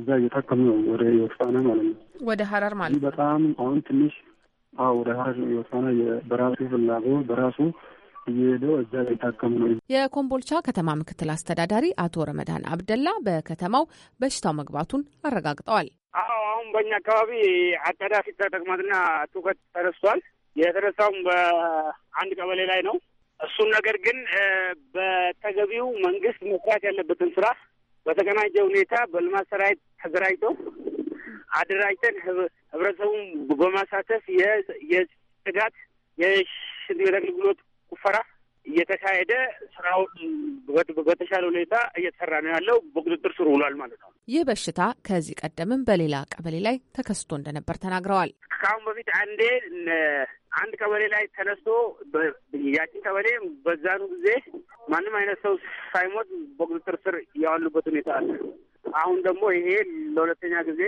እዛ እየታከሙ ነው፣ ወደ ህይወት ፋና ማለት ነው፣ ወደ ሀረር ማለት በጣም አሁን ትንሽ ወደ ሀረር ህይወት ፋና በራሱ ፍላጎ በራሱ እየሄደው እዛ ነው። የኮምቦልቻ ከተማ ምክትል አስተዳዳሪ አቶ ረመዳን አብደላ በከተማው በሽታው መግባቱን አረጋግጠዋል። አዎ አሁን በእኛ አካባቢ አጣዳፊ ተቅማጥና ትውከት ተነስቷል። የተነሳውም በአንድ ቀበሌ ላይ ነው። እሱን ነገር ግን በተገቢው መንግስት መስራት ያለበትን ስራ በተቀናጀ ሁኔታ በልማት ሰራዊት ተደራጅተው አደራጅተን ህብረተሰቡን በማሳተፍ የጽዳት የሽንት ቤት አገልግሎት ቁፈራ እየተካሄደ ስራውን በተሻለ ሁኔታ እየተሰራ ነው ያለው። በቁጥጥር ስር ውሏል ማለት ነው። ይህ በሽታ ከዚህ ቀደምም በሌላ ቀበሌ ላይ ተከስቶ እንደነበር ተናግረዋል። ከአሁን በፊት አንዴ አንድ ቀበሌ ላይ ተነስቶ ያችን ቀበሌ በዛኑ ጊዜ ማንም አይነት ሰው ሳይሞት በቁጥጥር ስር ያዋሉበት ሁኔታ አለ። አሁን ደግሞ ይሄ ለሁለተኛ ጊዜ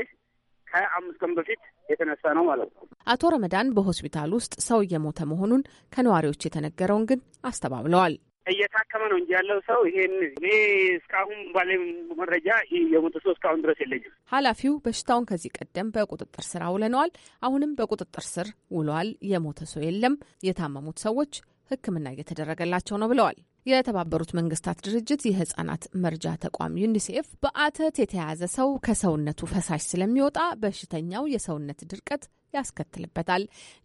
ከአምስት ቀን በፊት የተነሳ ነው ማለት ነው። አቶ ረመዳን በሆስፒታል ውስጥ ሰው እየሞተ መሆኑን ከነዋሪዎች የተነገረውን ግን አስተባብለዋል። እየታከመ ነው እንጂ ያለው ሰው ይሄን እኔ እስካሁን ባለ መረጃ የሞተ ሰው እስካሁን ድረስ የለኝም። ኃላፊው በሽታውን ከዚህ ቀደም በቁጥጥር ስር አውለነዋል፣ አሁንም በቁጥጥር ስር ውሏል። የሞተ ሰው የለም፣ የታመሙት ሰዎች ሕክምና እየተደረገላቸው ነው ብለዋል። የተባበሩት መንግስታት ድርጅት የህጻናት መርጃ ተቋም ዩኒሴፍ በአተት የተያዘ ሰው ከሰውነቱ ፈሳሽ ስለሚወጣ በሽተኛው የሰውነት ድርቀት ያስከትልበታል።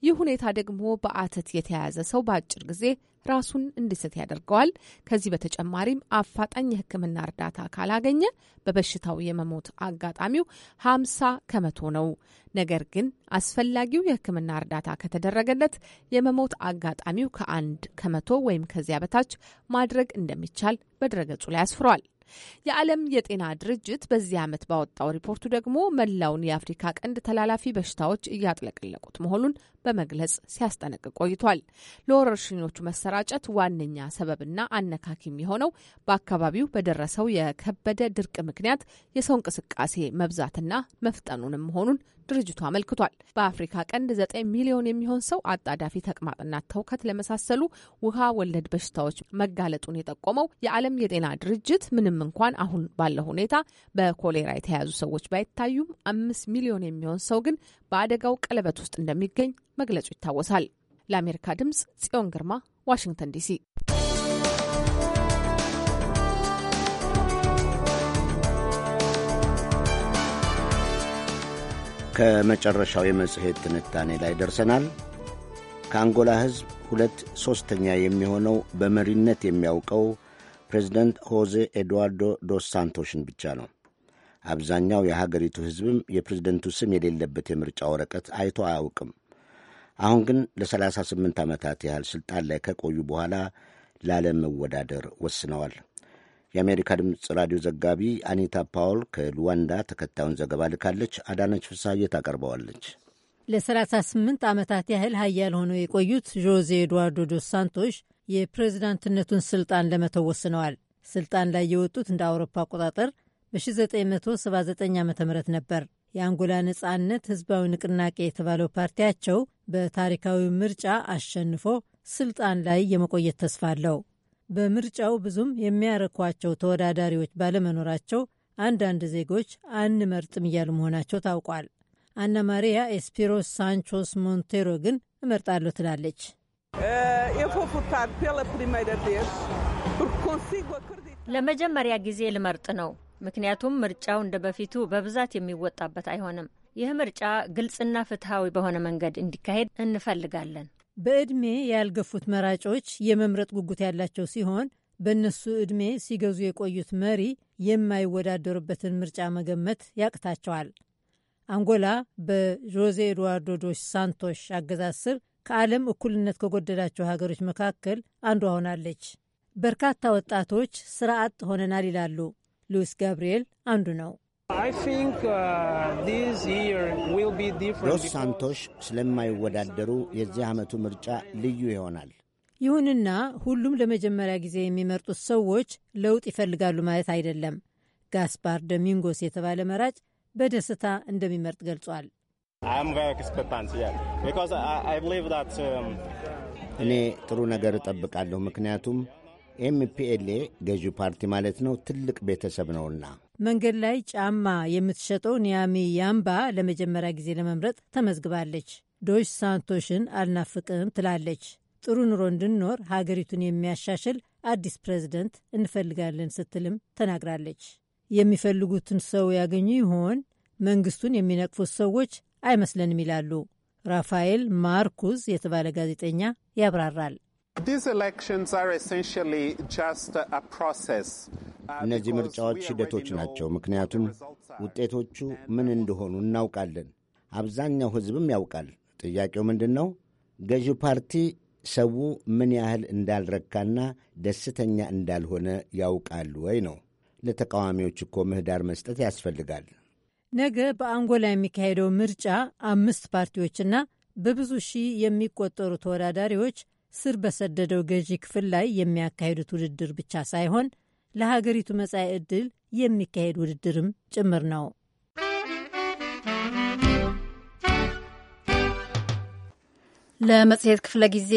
ይህ ሁኔታ ደግሞ በአተት የተያያዘ ሰው በአጭር ጊዜ ራሱን እንዲስት ያደርገዋል። ከዚህ በተጨማሪም አፋጣኝ የሕክምና እርዳታ ካላገኘ በበሽታው የመሞት አጋጣሚው 50 ከመቶ ነው። ነገር ግን አስፈላጊው የሕክምና እርዳታ ከተደረገለት የመሞት አጋጣሚው ከአንድ ከመቶ ወይም ከዚያ በታች ማድረግ እንደሚቻል በድረገጹ ላይ አስፍሯል። የዓለም የጤና ድርጅት በዚህ ዓመት ባወጣው ሪፖርቱ ደግሞ መላውን የአፍሪካ ቀንድ ተላላፊ በሽታዎች እያጥለቀለቁት መሆኑን በመግለጽ ሲያስጠነቅቅ ቆይቷል። ለወረርሽኞቹ መሰራጨት ዋነኛ ሰበብና አነካኪም የሆነው በአካባቢው በደረሰው የከበደ ድርቅ ምክንያት የሰው እንቅስቃሴ መብዛትና መፍጠኑንም መሆኑን ድርጅቱ አመልክቷል። በአፍሪካ ቀንድ ዘጠኝ ሚሊዮን የሚሆን ሰው አጣዳፊ ተቅማጥና ተውከት ለመሳሰሉ ውሃ ወለድ በሽታዎች መጋለጡን የጠቆመው የዓለም የጤና ድርጅት ምንም እንኳን አሁን ባለው ሁኔታ በኮሌራ የተያዙ ሰዎች ባይታዩም አምስት ሚሊዮን የሚሆን ሰው ግን በአደጋው ቀለበት ውስጥ እንደሚገኝ መግለጹ ይታወሳል። ለአሜሪካ ድምጽ ጽዮን ግርማ ዋሽንግተን ዲሲ። ከመጨረሻው የመጽሔት ትንታኔ ላይ ደርሰናል። ከአንጎላ ሕዝብ ሁለት ሦስተኛ የሚሆነው በመሪነት የሚያውቀው ፕሬዚደንት ሆዜ ኤድዋርዶ ዶስ ሳንቶሽን ብቻ ነው። አብዛኛው የሀገሪቱ ሕዝብም የፕሬዝደንቱ ስም የሌለበት የምርጫ ወረቀት አይቶ አያውቅም። አሁን ግን ለ38 ዓመታት ያህል ስልጣን ላይ ከቆዩ በኋላ ላለመወዳደር ወስነዋል። የአሜሪካ ድምፅ ራዲዮ ዘጋቢ አኒታ ፓውል ከሉዋንዳ ተከታዩን ዘገባ ልካለች። አዳነች ፍሳዬ ታቀርበዋለች። ለ38 ዓመታት ያህል ሀያል ሆነው የቆዩት ዦዜ ኤድዋርዶ ዶስ ሳንቶሽ የፕሬዝዳንትነቱን ስልጣን ለመተው ወስነዋል። ስልጣን ላይ የወጡት እንደ አውሮፓ አቆጣጠር በ1979 ዓ ም ነበር። የአንጎላ ነጻነት ህዝባዊ ንቅናቄ የተባለው ፓርቲያቸው በታሪካዊ ምርጫ አሸንፎ ስልጣን ላይ የመቆየት ተስፋ አለው። በምርጫው ብዙም የሚያረኳቸው ተወዳዳሪዎች ባለመኖራቸው አንዳንድ ዜጎች አንመርጥም እያሉ መሆናቸው ታውቋል። አና ማሪያ ኤስፒሮስ ሳንቾስ ሞንቴሮ ግን እመርጣለሁ ትላለች። Eh, eu vou votar pela primeira vez porque consigo acreditar. ለመጀመሪያ ጊዜ ልመርጥ ነው፣ ምክንያቱም ምርጫው እንደ በፊቱ በብዛት የሚወጣበት አይሆንም። ይህ ምርጫ ግልጽና ፍትሐዊ በሆነ መንገድ እንዲካሄድ እንፈልጋለን። በዕድሜ ያልገፉት መራጮች የመምረጥ ጉጉት ያላቸው ሲሆን በእነሱ ዕድሜ ሲገዙ የቆዩት መሪ የማይወዳደሩበትን ምርጫ መገመት ያቅታቸዋል። አንጎላ በዦዜ ኤድዋርዶ ዶስ ሳንቶሽ አገዛዝ ስር ከዓለም እኩልነት ከጎደላቸው ሀገሮች መካከል አንዷ ሆናለች። በርካታ ወጣቶች ስራ አጥ ሆነናል ይላሉ። ሉዊስ ጋብርኤል አንዱ ነው። ዶስ uh, ሳንቶሽ ስለማይወዳደሩ የዚህ ዓመቱ ምርጫ ልዩ ይሆናል። ይሁንና ሁሉም ለመጀመሪያ ጊዜ የሚመርጡት ሰዎች ለውጥ ይፈልጋሉ ማለት አይደለም። ጋስፓር ዶሚንጎስ የተባለ መራጭ በደስታ እንደሚመርጥ ገልጿል። እኔ ጥሩ ነገር እጠብቃለሁ፣ ምክንያቱም ኤምፒኤልኤ ገዢው ፓርቲ ማለት ነው ትልቅ ቤተሰብ ነውና። መንገድ ላይ ጫማ የምትሸጠው ኒያሚ ያምባ ለመጀመሪያ ጊዜ ለመምረጥ ተመዝግባለች። ዶች ሳንቶሽን አልናፍቅም ትላለች። ጥሩ ኑሮ እንድንኖር ሀገሪቱን የሚያሻሽል አዲስ ፕሬዚደንት እንፈልጋለን ስትልም ተናግራለች። የሚፈልጉትን ሰው ያገኙ ይሆን? መንግስቱን የሚነቅፉት ሰዎች አይመስለንም ይላሉ። ራፋኤል ማርኩዝ የተባለ ጋዜጠኛ ያብራራል። እነዚህ ምርጫዎች ሂደቶች ናቸው። ምክንያቱም ውጤቶቹ ምን እንደሆኑ እናውቃለን። አብዛኛው ሕዝብም ያውቃል። ጥያቄው ምንድን ነው? ገዢው ፓርቲ ሰው ምን ያህል እንዳልረካና ደስተኛ እንዳልሆነ ያውቃል ወይ ነው። ለተቃዋሚዎች እኮ ምህዳር መስጠት ያስፈልጋል። ነገ በአንጎላ የሚካሄደው ምርጫ አምስት ፓርቲዎችና በብዙ ሺህ የሚቆጠሩ ተወዳዳሪዎች ስር በሰደደው ገዢ ክፍል ላይ የሚያካሂዱት ውድድር ብቻ ሳይሆን ለሀገሪቱ መጻኢ ዕድል የሚካሄድ ውድድርም ጭምር ነው። ለመጽሔት ክፍለ ጊዜ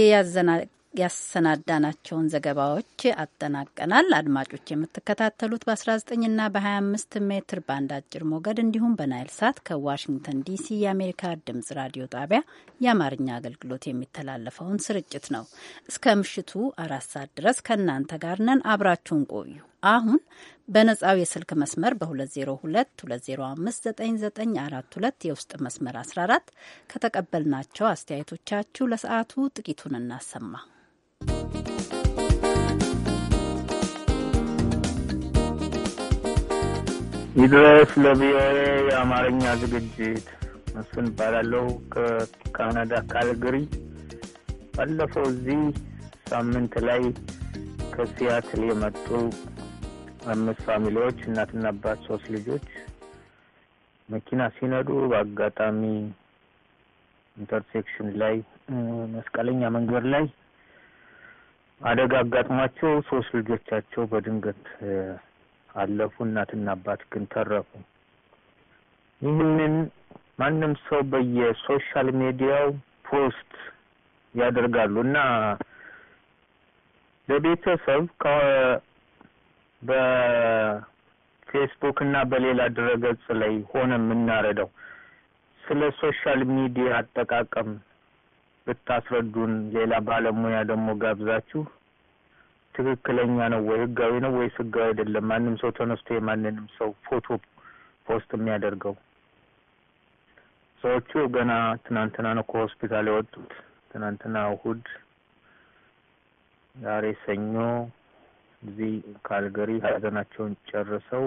ያሰናዳናቸውን ዘገባዎች አጠናቀናል። አድማጮች የምትከታተሉት በ19ና በ25 ሜትር ባንድ አጭር ሞገድ እንዲሁም በናይል ሳት ከዋሽንግተን ዲሲ የአሜሪካ ድምጽ ራዲዮ ጣቢያ የአማርኛ አገልግሎት የሚተላለፈውን ስርጭት ነው። እስከ ምሽቱ አራት ሰዓት ድረስ ከእናንተ ጋር ነን። አብራችሁን ቆዩ። አሁን በነጻው የስልክ መስመር በ2022059942 የውስጥ መስመር 14 ከተቀበልናቸው አስተያየቶቻችሁ ለሰዓቱ ጥቂቱን እናሰማ። ይድረስ ለቪኦኤ የአማርኛ ዝግጅት መስፍን እባላለሁ ከካናዳ ካልግሪ። ባለፈው እዚህ ሳምንት ላይ ከሲያትል የመጡ አምስት ፋሚሊዎች እናትና አባት ሶስት ልጆች መኪና ሲነዱ በአጋጣሚ ኢንተርሴክሽን ላይ መስቀለኛ መንገድ ላይ አደጋ አጋጥሟቸው ሶስት ልጆቻቸው በድንገት አለፉ። እናትና አባት ግን ተረፉ። ይህንን ማንም ሰው በየሶሻል ሚዲያው ፖስት ያደርጋሉ እና ለቤተሰብ በፌስቡክ እና በሌላ ድረገጽ ላይ ሆነ የምናረዳው ስለ ሶሻል ሚዲያ አጠቃቀም ብታስረዱን፣ ሌላ ባለሙያ ደግሞ ጋብዛችሁ ትክክለኛ ነው ወይ ህጋዊ ነው ወይስ ህጋዊ አይደለም? ማንም ሰው ተነስቶ የማንንም ሰው ፎቶ ፖስት የሚያደርገው ሰዎቹ ገና ትናንትና ነው ከሆስፒታል የወጡት። ትናንትና እሁድ፣ ዛሬ ሰኞ እዚህ ካልገሪ ሀዘናቸውን ጨርሰው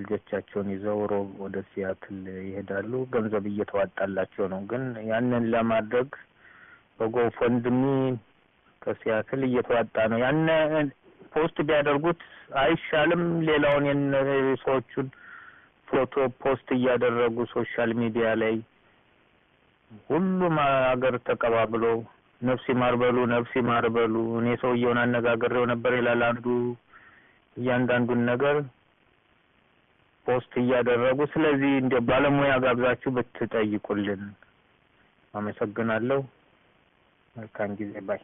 ልጆቻቸውን ይዘው ሮብ ወደ ሲያትል ይሄዳሉ። ገንዘብ እየተዋጣላቸው ነው። ግን ያንን ለማድረግ በጎ ፈንድሚ ከሲያትል እየተዋጣ ነው። ያን ፖስት ቢያደርጉት አይሻልም? ሌላውን የሰዎቹን ፎቶ ፖስት እያደረጉ ሶሻል ሚዲያ ላይ ሁሉም ሀገር ተቀባብሎ ነፍሲ ማርበሉ ነፍሲ ማርበሉ እኔ ሰውየውን አነጋግሬው ነበር ይላል አንዱ እያንዳንዱን ነገር ፖስት እያደረጉ ስለዚህ እንደ ባለሙያ ጋብዛችሁ ብትጠይቁልን አመሰግናለሁ። መልካም ጊዜ ባይ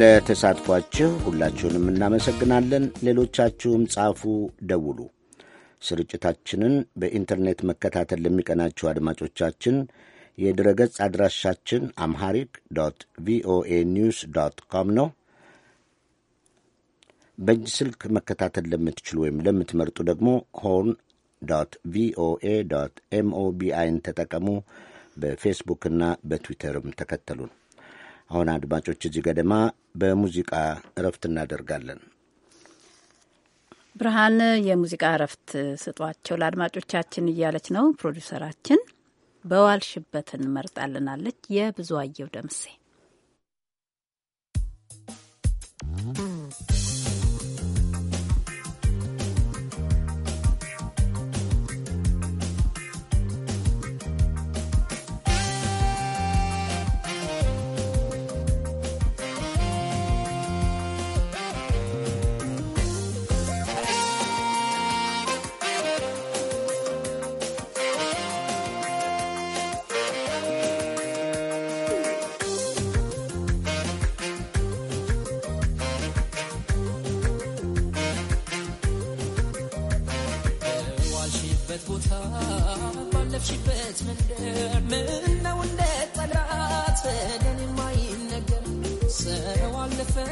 ለተሳትፏችሁ ሁላችሁንም እናመሰግናለን። ሌሎቻችሁም ጻፉ፣ ደውሉ። ስርጭታችንን በኢንተርኔት መከታተል ለሚቀናችሁ አድማጮቻችን የድረገጽ አድራሻችን አምሃሪክ ዶት ቪኦኤ ኒውስ ዶት ኮም ነው። በእጅ ስልክ መከታተል ለምትችሉ ወይም ለምትመርጡ ደግሞ ሆርን ዶት ቪኦኤ ዶት ኤምኦቢአይን ተጠቀሙ። በፌስቡክና በትዊተርም ተከተሉን። አሁን አድማጮች፣ እዚህ ገደማ በሙዚቃ እረፍት እናደርጋለን። ብርሃን የሙዚቃ እረፍት ስጧቸው ለአድማጮቻችን እያለች ነው ፕሮዲውሰራችን። በዋልሽበትን መርጣልናለች። የብዙ አየው ደምሴ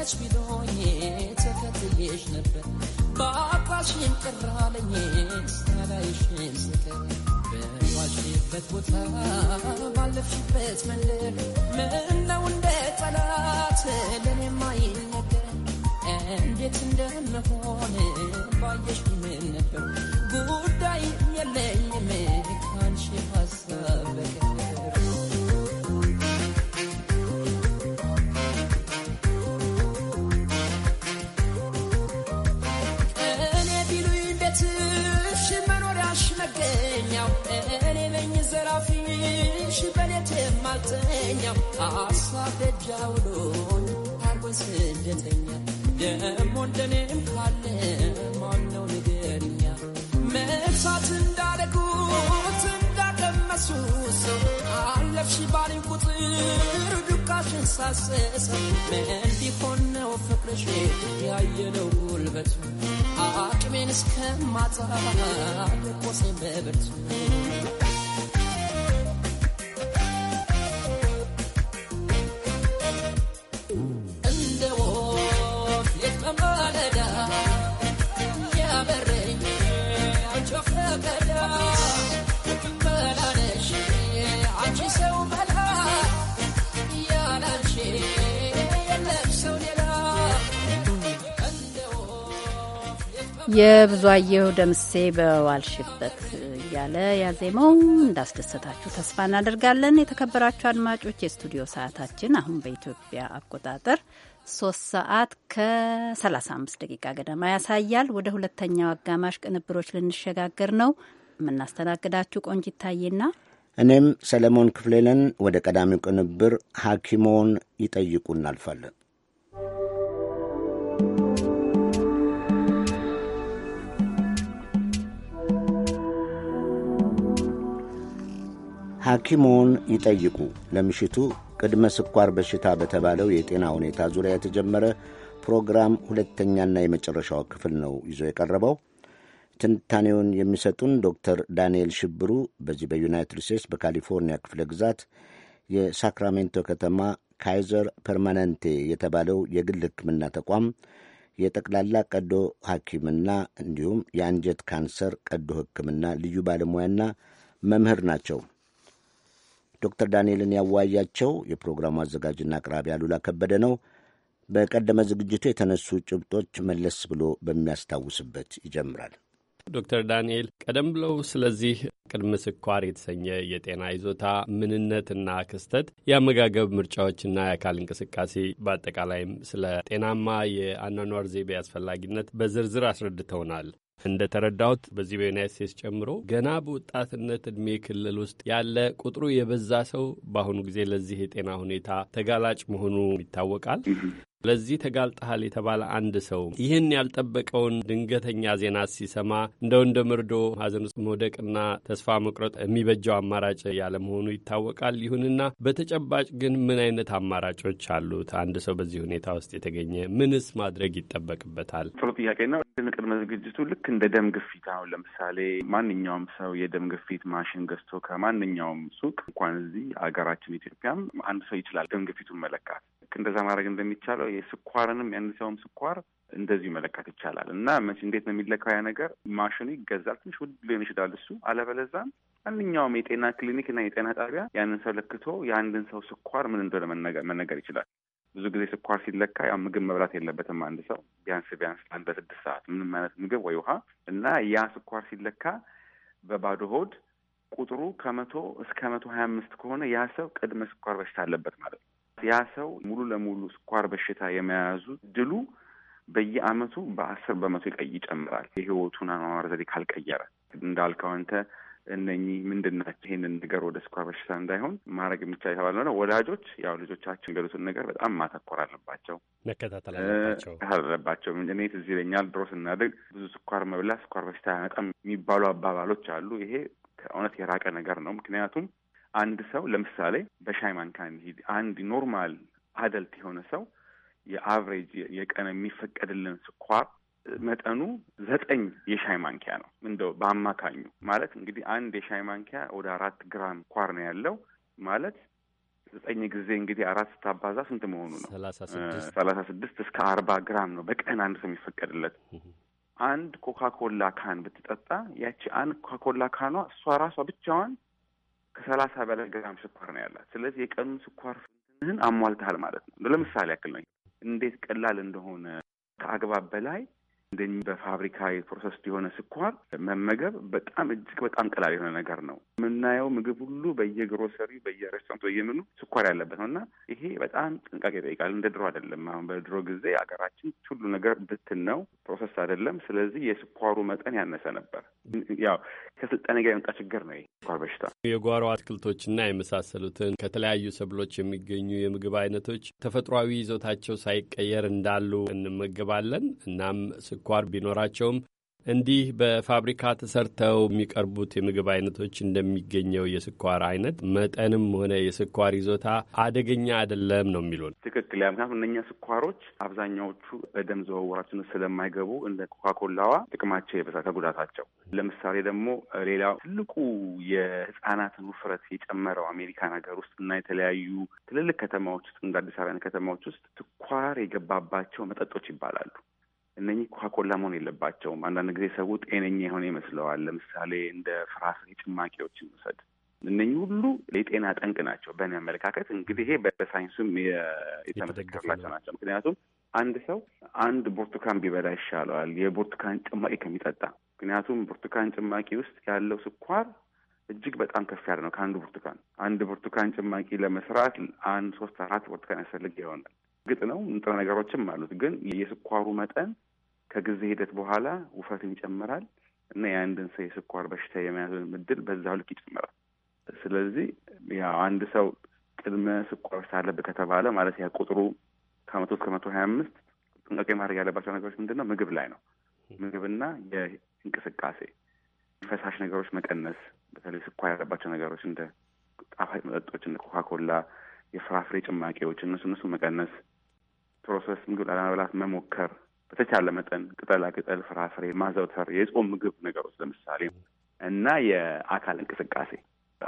ነሽ ቢሎኝ ተከትዬሽ ነበር በአጣሽን ቅራለኝ ሳላይሽን ስቀር በዋሽበት ቦታ ባለፍሽበት መንደር ምነው እንደ ጠላት ለኔ ለኔማ ይነገር እንዴት እንደምሆን ባየሽ ምን ነበር ስደተኛው አሳብ ደጃውሎኝ አርጎኝ ስደተኛ ደሞ እንደኔም ካለ ማነው ንገርኛ መርሳት እንዳደረጉት እንዳቀመሱ ሰው አለፍሽ ባሪ ቁጥር ዱካሽን ሳሰሰ ምን ቢሆን ነው ፍቅርሽ ያየለው ጉልበቱ አቅሜን እስከማጣ ደቆሴ በብርቱ የብዙአየሁ ደምሴ በዋልሽበት እያለ ያዜመው እንዳስደሰታችሁ ተስፋ እናደርጋለን። የተከበራችሁ አድማጮች የስቱዲዮ ሰዓታችን አሁን በኢትዮጵያ አቆጣጠር ሶስት ሰዓት ከሰላሳ አምስት ደቂቃ ገደማ ያሳያል። ወደ ሁለተኛው አጋማሽ ቅንብሮች ልንሸጋገር ነው። የምናስተናግዳችሁ ቆንጅ ይታየና እኔም ሰለሞን ክፍሌ ነን። ወደ ቀዳሚው ቅንብር ሐኪሞን ይጠይቁ እናልፋለን። ሐኪሞን ይጠይቁ ለምሽቱ ቅድመ ስኳር በሽታ በተባለው የጤና ሁኔታ ዙሪያ የተጀመረ ፕሮግራም ሁለተኛና የመጨረሻው ክፍል ነው ይዞ የቀረበው። ትንታኔውን የሚሰጡን ዶክተር ዳንኤል ሽብሩ በዚህ በዩናይትድ ስቴትስ በካሊፎርኒያ ክፍለ ግዛት የሳክራሜንቶ ከተማ ካይዘር ፐርማነንቴ የተባለው የግል ሕክምና ተቋም የጠቅላላ ቀዶ ሐኪምና እንዲሁም የአንጀት ካንሰር ቀዶ ሕክምና ልዩ ባለሙያና መምህር ናቸው። ዶክተር ዳንኤልን ያዋያቸው የፕሮግራሙ አዘጋጅና አቅራቢ አሉላ ከበደ ነው። በቀደመ ዝግጅቱ የተነሱ ጭብጦች መለስ ብሎ በሚያስታውስበት ይጀምራል። ዶክተር ዳንኤል ቀደም ብለው ስለዚህ ቅድመ ስኳር የተሰኘ የጤና ይዞታ ምንነትና ክስተት፣ የአመጋገብ ምርጫዎችና የአካል እንቅስቃሴ በአጠቃላይም ስለ ጤናማ የአኗኗር ዘይቤ አስፈላጊነት በዝርዝር አስረድተውናል። እንደ ተረዳሁት በዚህ በዩናይት ስቴትስ ጨምሮ ገና በወጣትነት እድሜ ክልል ውስጥ ያለ ቁጥሩ የበዛ ሰው በአሁኑ ጊዜ ለዚህ የጤና ሁኔታ ተጋላጭ መሆኑ ይታወቃል። ለዚህ ተጋልጠሃል የተባለ አንድ ሰው ይህን ያልጠበቀውን ድንገተኛ ዜና ሲሰማ እንደው እንደ ምርዶ ሐዘን ውስጥ መውደቅና ተስፋ መቁረጥ የሚበጀው አማራጭ ያለመሆኑ ይታወቃል። ይሁንና በተጨባጭ ግን ምን አይነት አማራጮች አሉት? አንድ ሰው በዚህ ሁኔታ ውስጥ የተገኘ ምንስ ማድረግ ይጠበቅበታል? ጥሩ ጥያቄ ነው። ቅድመ ዝግጅቱ ልክ እንደ ደም ግፊት አሁን ለምሳሌ ማንኛውም ሰው የደም ግፊት ማሽን ገዝቶ ከማንኛውም ሱቅ እንኳን እዚህ አገራችን ኢትዮጵያም አንድ ሰው ይችላል ደም ግፊቱን መለካት እንደዛ ማድረግ እንደሚቻለው የስኳርንም ያንሰውም ስኳር እንደዚሁ መለካት ይቻላል እና መቼ እንዴት ነው የሚለካው? ያ ነገር ማሽኑ ይገዛል። ትንሽ ውድ ሊሆን ይችላል እሱ። አለበለዛም ማንኛውም የጤና ክሊኒክ እና የጤና ጣቢያ ያንን ሰው ለክቶ የአንድን ሰው ስኳር ምን እንደሆነ መነገር ይችላል። ብዙ ጊዜ ስኳር ሲለካ ያው ምግብ መብላት የለበትም አንድ ሰው ቢያንስ ቢያንስ አንድ በስድስት ሰዓት ምንም አይነት ምግብ ወይ ውሃ እና ያ ስኳር ሲለካ በባዶ ሆድ ቁጥሩ ከመቶ እስከ መቶ ሀያ አምስት ከሆነ ያ ሰው ቅድመ ስኳር በሽታ አለበት ማለት ነው። ያ ሰው ሙሉ ለሙሉ ስኳር በሽታ የመያዙ ድሉ በየአመቱ በአስር በመቶ ይጨምራል። የህይወቱን አኗኗር ዘዴ ካልቀየረ እንዳልከው አንተ እነኚህ ምንድን ናቸው? ይህንን ነገር ወደ ስኳር በሽታ እንዳይሆን ማድረግ የሚቻ የተባለ ነው። ወላጆች ያው ልጆቻቸው የሚገሉትን ነገር በጣም ማተኮር አለባቸው፣ መከታተል አለባቸው አለባቸው። እኔ ትዝ ይለኛል ድሮ ስናደግ ብዙ ስኳር መብላ ስኳር በሽታ ያመጣም የሚባሉ አባባሎች አሉ። ይሄ ከእውነት የራቀ ነገር ነው። ምክንያቱም አንድ ሰው ለምሳሌ በሻይ ካንሂድ አንድ ኖርማል አደልት የሆነ ሰው የአቨሬጅ የቀን የሚፈቀድልን ስኳር መጠኑ ዘጠኝ የሻይ ማንኪያ ነው። እንደው በአማካኙ ማለት እንግዲህ አንድ የሻይ ማንኪያ ወደ አራት ግራም ኳር ነው ያለው ማለት ዘጠኝ ጊዜ እንግዲህ አራት ስታባዛ ስንት መሆኑ ነው? ሰላሳ ስድስት እስከ አርባ ግራም ነው በቀን አንድ ሰው የሚፈቀድለት። አንድ ኮካ ኮላ ካን ብትጠጣ ያቺ አንድ ኮካ ኮላ ካኗ እሷ ራሷ ብቻዋን ከሰላሳ በላይ ግራም ስኳር ነው ያላት። ስለዚህ የቀኑን ስኳር ፍንትንህን አሟልተሃል ማለት ነው። ለምሳሌ ያክል ነው እንዴት ቀላል እንደሆነ ከአግባብ በላይ እንደኝ በፋብሪካ የፕሮሰስ የሆነ ስኳር መመገብ በጣም እጅግ በጣም ቀላል የሆነ ነገር ነው። የምናየው ምግብ ሁሉ በየግሮሰሪ በየሬስቶራንት በየምኑ ስኳር ያለበት ነው እና ይሄ በጣም ጥንቃቄ ይጠይቃል። እንደ ድሮ አይደለም። አሁን በድሮ ጊዜ ሀገራችን ሁሉ ነገር ብትን ነው፣ ፕሮሰስ አይደለም። ስለዚህ የስኳሩ መጠን ያነሰ ነበር። ያው ከስልጣኔ ጋር የመጣ ችግር ነው ይሄ ስኳር በሽታ። የጓሮ አትክልቶችና የመሳሰሉትን ከተለያዩ ሰብሎች የሚገኙ የምግብ አይነቶች ተፈጥሯዊ ይዞታቸው ሳይቀየር እንዳሉ እንመገባለን እናም ስኳር ቢኖራቸውም እንዲህ በፋብሪካ ተሰርተው የሚቀርቡት የምግብ አይነቶች እንደሚገኘው የስኳር አይነት መጠንም ሆነ የስኳር ይዞታ አደገኛ አይደለም ነው የሚሉን። ትክክል ያ ምክንያቱም እነኛ ስኳሮች አብዛኛዎቹ በደም ዝውውራችን ስለማይገቡ እንደ ኮካኮላዋ ጥቅማቸው ይበዛል ከጉዳታቸው። ለምሳሌ ደግሞ ሌላ ትልቁ የህጻናትን ውፍረት የጨመረው አሜሪካን ሀገር ውስጥ እና የተለያዩ ትልልቅ ከተማዎች ውስጥ እንደ አዲስ አበባ ከተማዎች ውስጥ ስኳር የገባባቸው መጠጦች ይባላሉ። እነኚህ ኳኮላ መሆን የለባቸውም። አንዳንድ ጊዜ ሰው ጤነኛ የሆነ ይመስለዋል። ለምሳሌ እንደ ፍራፍሬ ጭማቂዎችን ውሰድ። እነኚህ ሁሉ የጤና ጠንቅ ናቸው በእኔ አመለካከት። እንግዲህ ይሄ በሳይንሱም የተመሰከረላቸው ናቸው። ምክንያቱም አንድ ሰው አንድ ብርቱካን ቢበላ ይሻለዋል የብርቱካን ጭማቂ ከሚጠጣ። ምክንያቱም ብርቱካን ጭማቂ ውስጥ ያለው ስኳር እጅግ በጣም ከፍ ያለ ነው። ከአንዱ ብርቱካን አንድ ብርቱካን ጭማቂ ለመስራት አንድ ሶስት አራት ብርቱካን ያስፈልግ ይሆናል። እርግጥ ነው ንጥረ ነገሮችም አሉት፣ ግን የስኳሩ መጠን ከጊዜ ሂደት በኋላ ውፈትን ይጨምራል እና የአንድን ሰው የስኳር በሽታ የመያዝን ምድል በዛው ልክ ይጨምራል። ስለዚህ ያው አንድ ሰው ቅድመ ስኳር በሽታ አለብህ ከተባለ ማለት ያ ቁጥሩ ከመቶ እስከ መቶ ሀያ አምስት ጥንቃቄ ማድረግ ያለባቸው ነገሮች ምንድን ነው? ምግብ ላይ ነው። ምግብና የእንቅስቃሴ ፈሳሽ ነገሮች መቀነስ፣ በተለይ ስኳር ያለባቸው ነገሮች እንደ ጣፋጭ መጠጦች እንደ ኮካኮላ፣ የፍራፍሬ ጭማቂዎች እነሱ እነሱ መቀነስ፣ ፕሮሰስ ምግብ ላለመብላት መሞከር በተቻለ መጠን ቅጠላቅጠል፣ ፍራፍሬ ማዘውተር፣ የጾም ምግብ ነገሮች ለምሳሌ እና የአካል እንቅስቃሴ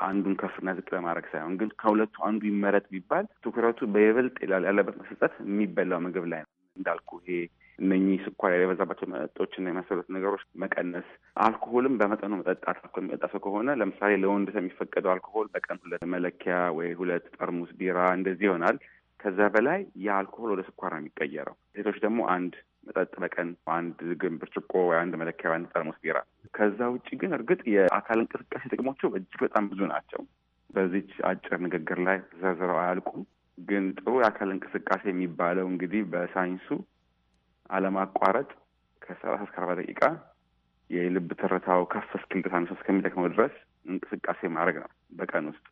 አንዱን ከፍና ዝቅ ለማድረግ ሳይሆን ግን ከሁለቱ አንዱ ይመረጥ ቢባል ትኩረቱ በይበልጥ ያለበት መሰጠት የሚበላው ምግብ ላይ ነው። እንዳልኩ ይሄ እነኚህ ስኳር የበዛባቸው መጠጦችና የመሰሉት ነገሮች መቀነስ፣ አልኮሆልም በመጠኑ መጠጣት። አልኮል የሚጠጣ ሰው ከሆነ ለምሳሌ ለወንድ ሰው የሚፈቀደው አልኮሆል በቀን ሁለት መለኪያ ወይ ሁለት ጠርሙስ ቢራ እንደዚህ ይሆናል። ከዛ በላይ የአልኮሆል ወደ ስኳር ነው የሚቀየረው። ሴቶች ደግሞ አንድ መጠጥ በቀን አንድ ግን ብርጭቆ ወይ አንድ መለኪያ አንድ ጠርሙስ ቢራ። ከዛ ውጭ ግን እርግጥ የአካል እንቅስቃሴ ጥቅሞቹ እጅግ በጣም ብዙ ናቸው። በዚች አጭር ንግግር ላይ ዘርዝረው አያልቁም። ግን ጥሩ የአካል እንቅስቃሴ የሚባለው እንግዲህ በሳይንሱ አለማቋረጥ ከሰላሳ እስከ አርባ ደቂቃ የልብ ትርታው ከፍ እስኪል ድረስ እስከሚደክመው ድረስ እንቅስቃሴ ማድረግ ነው በቀን ውስጥ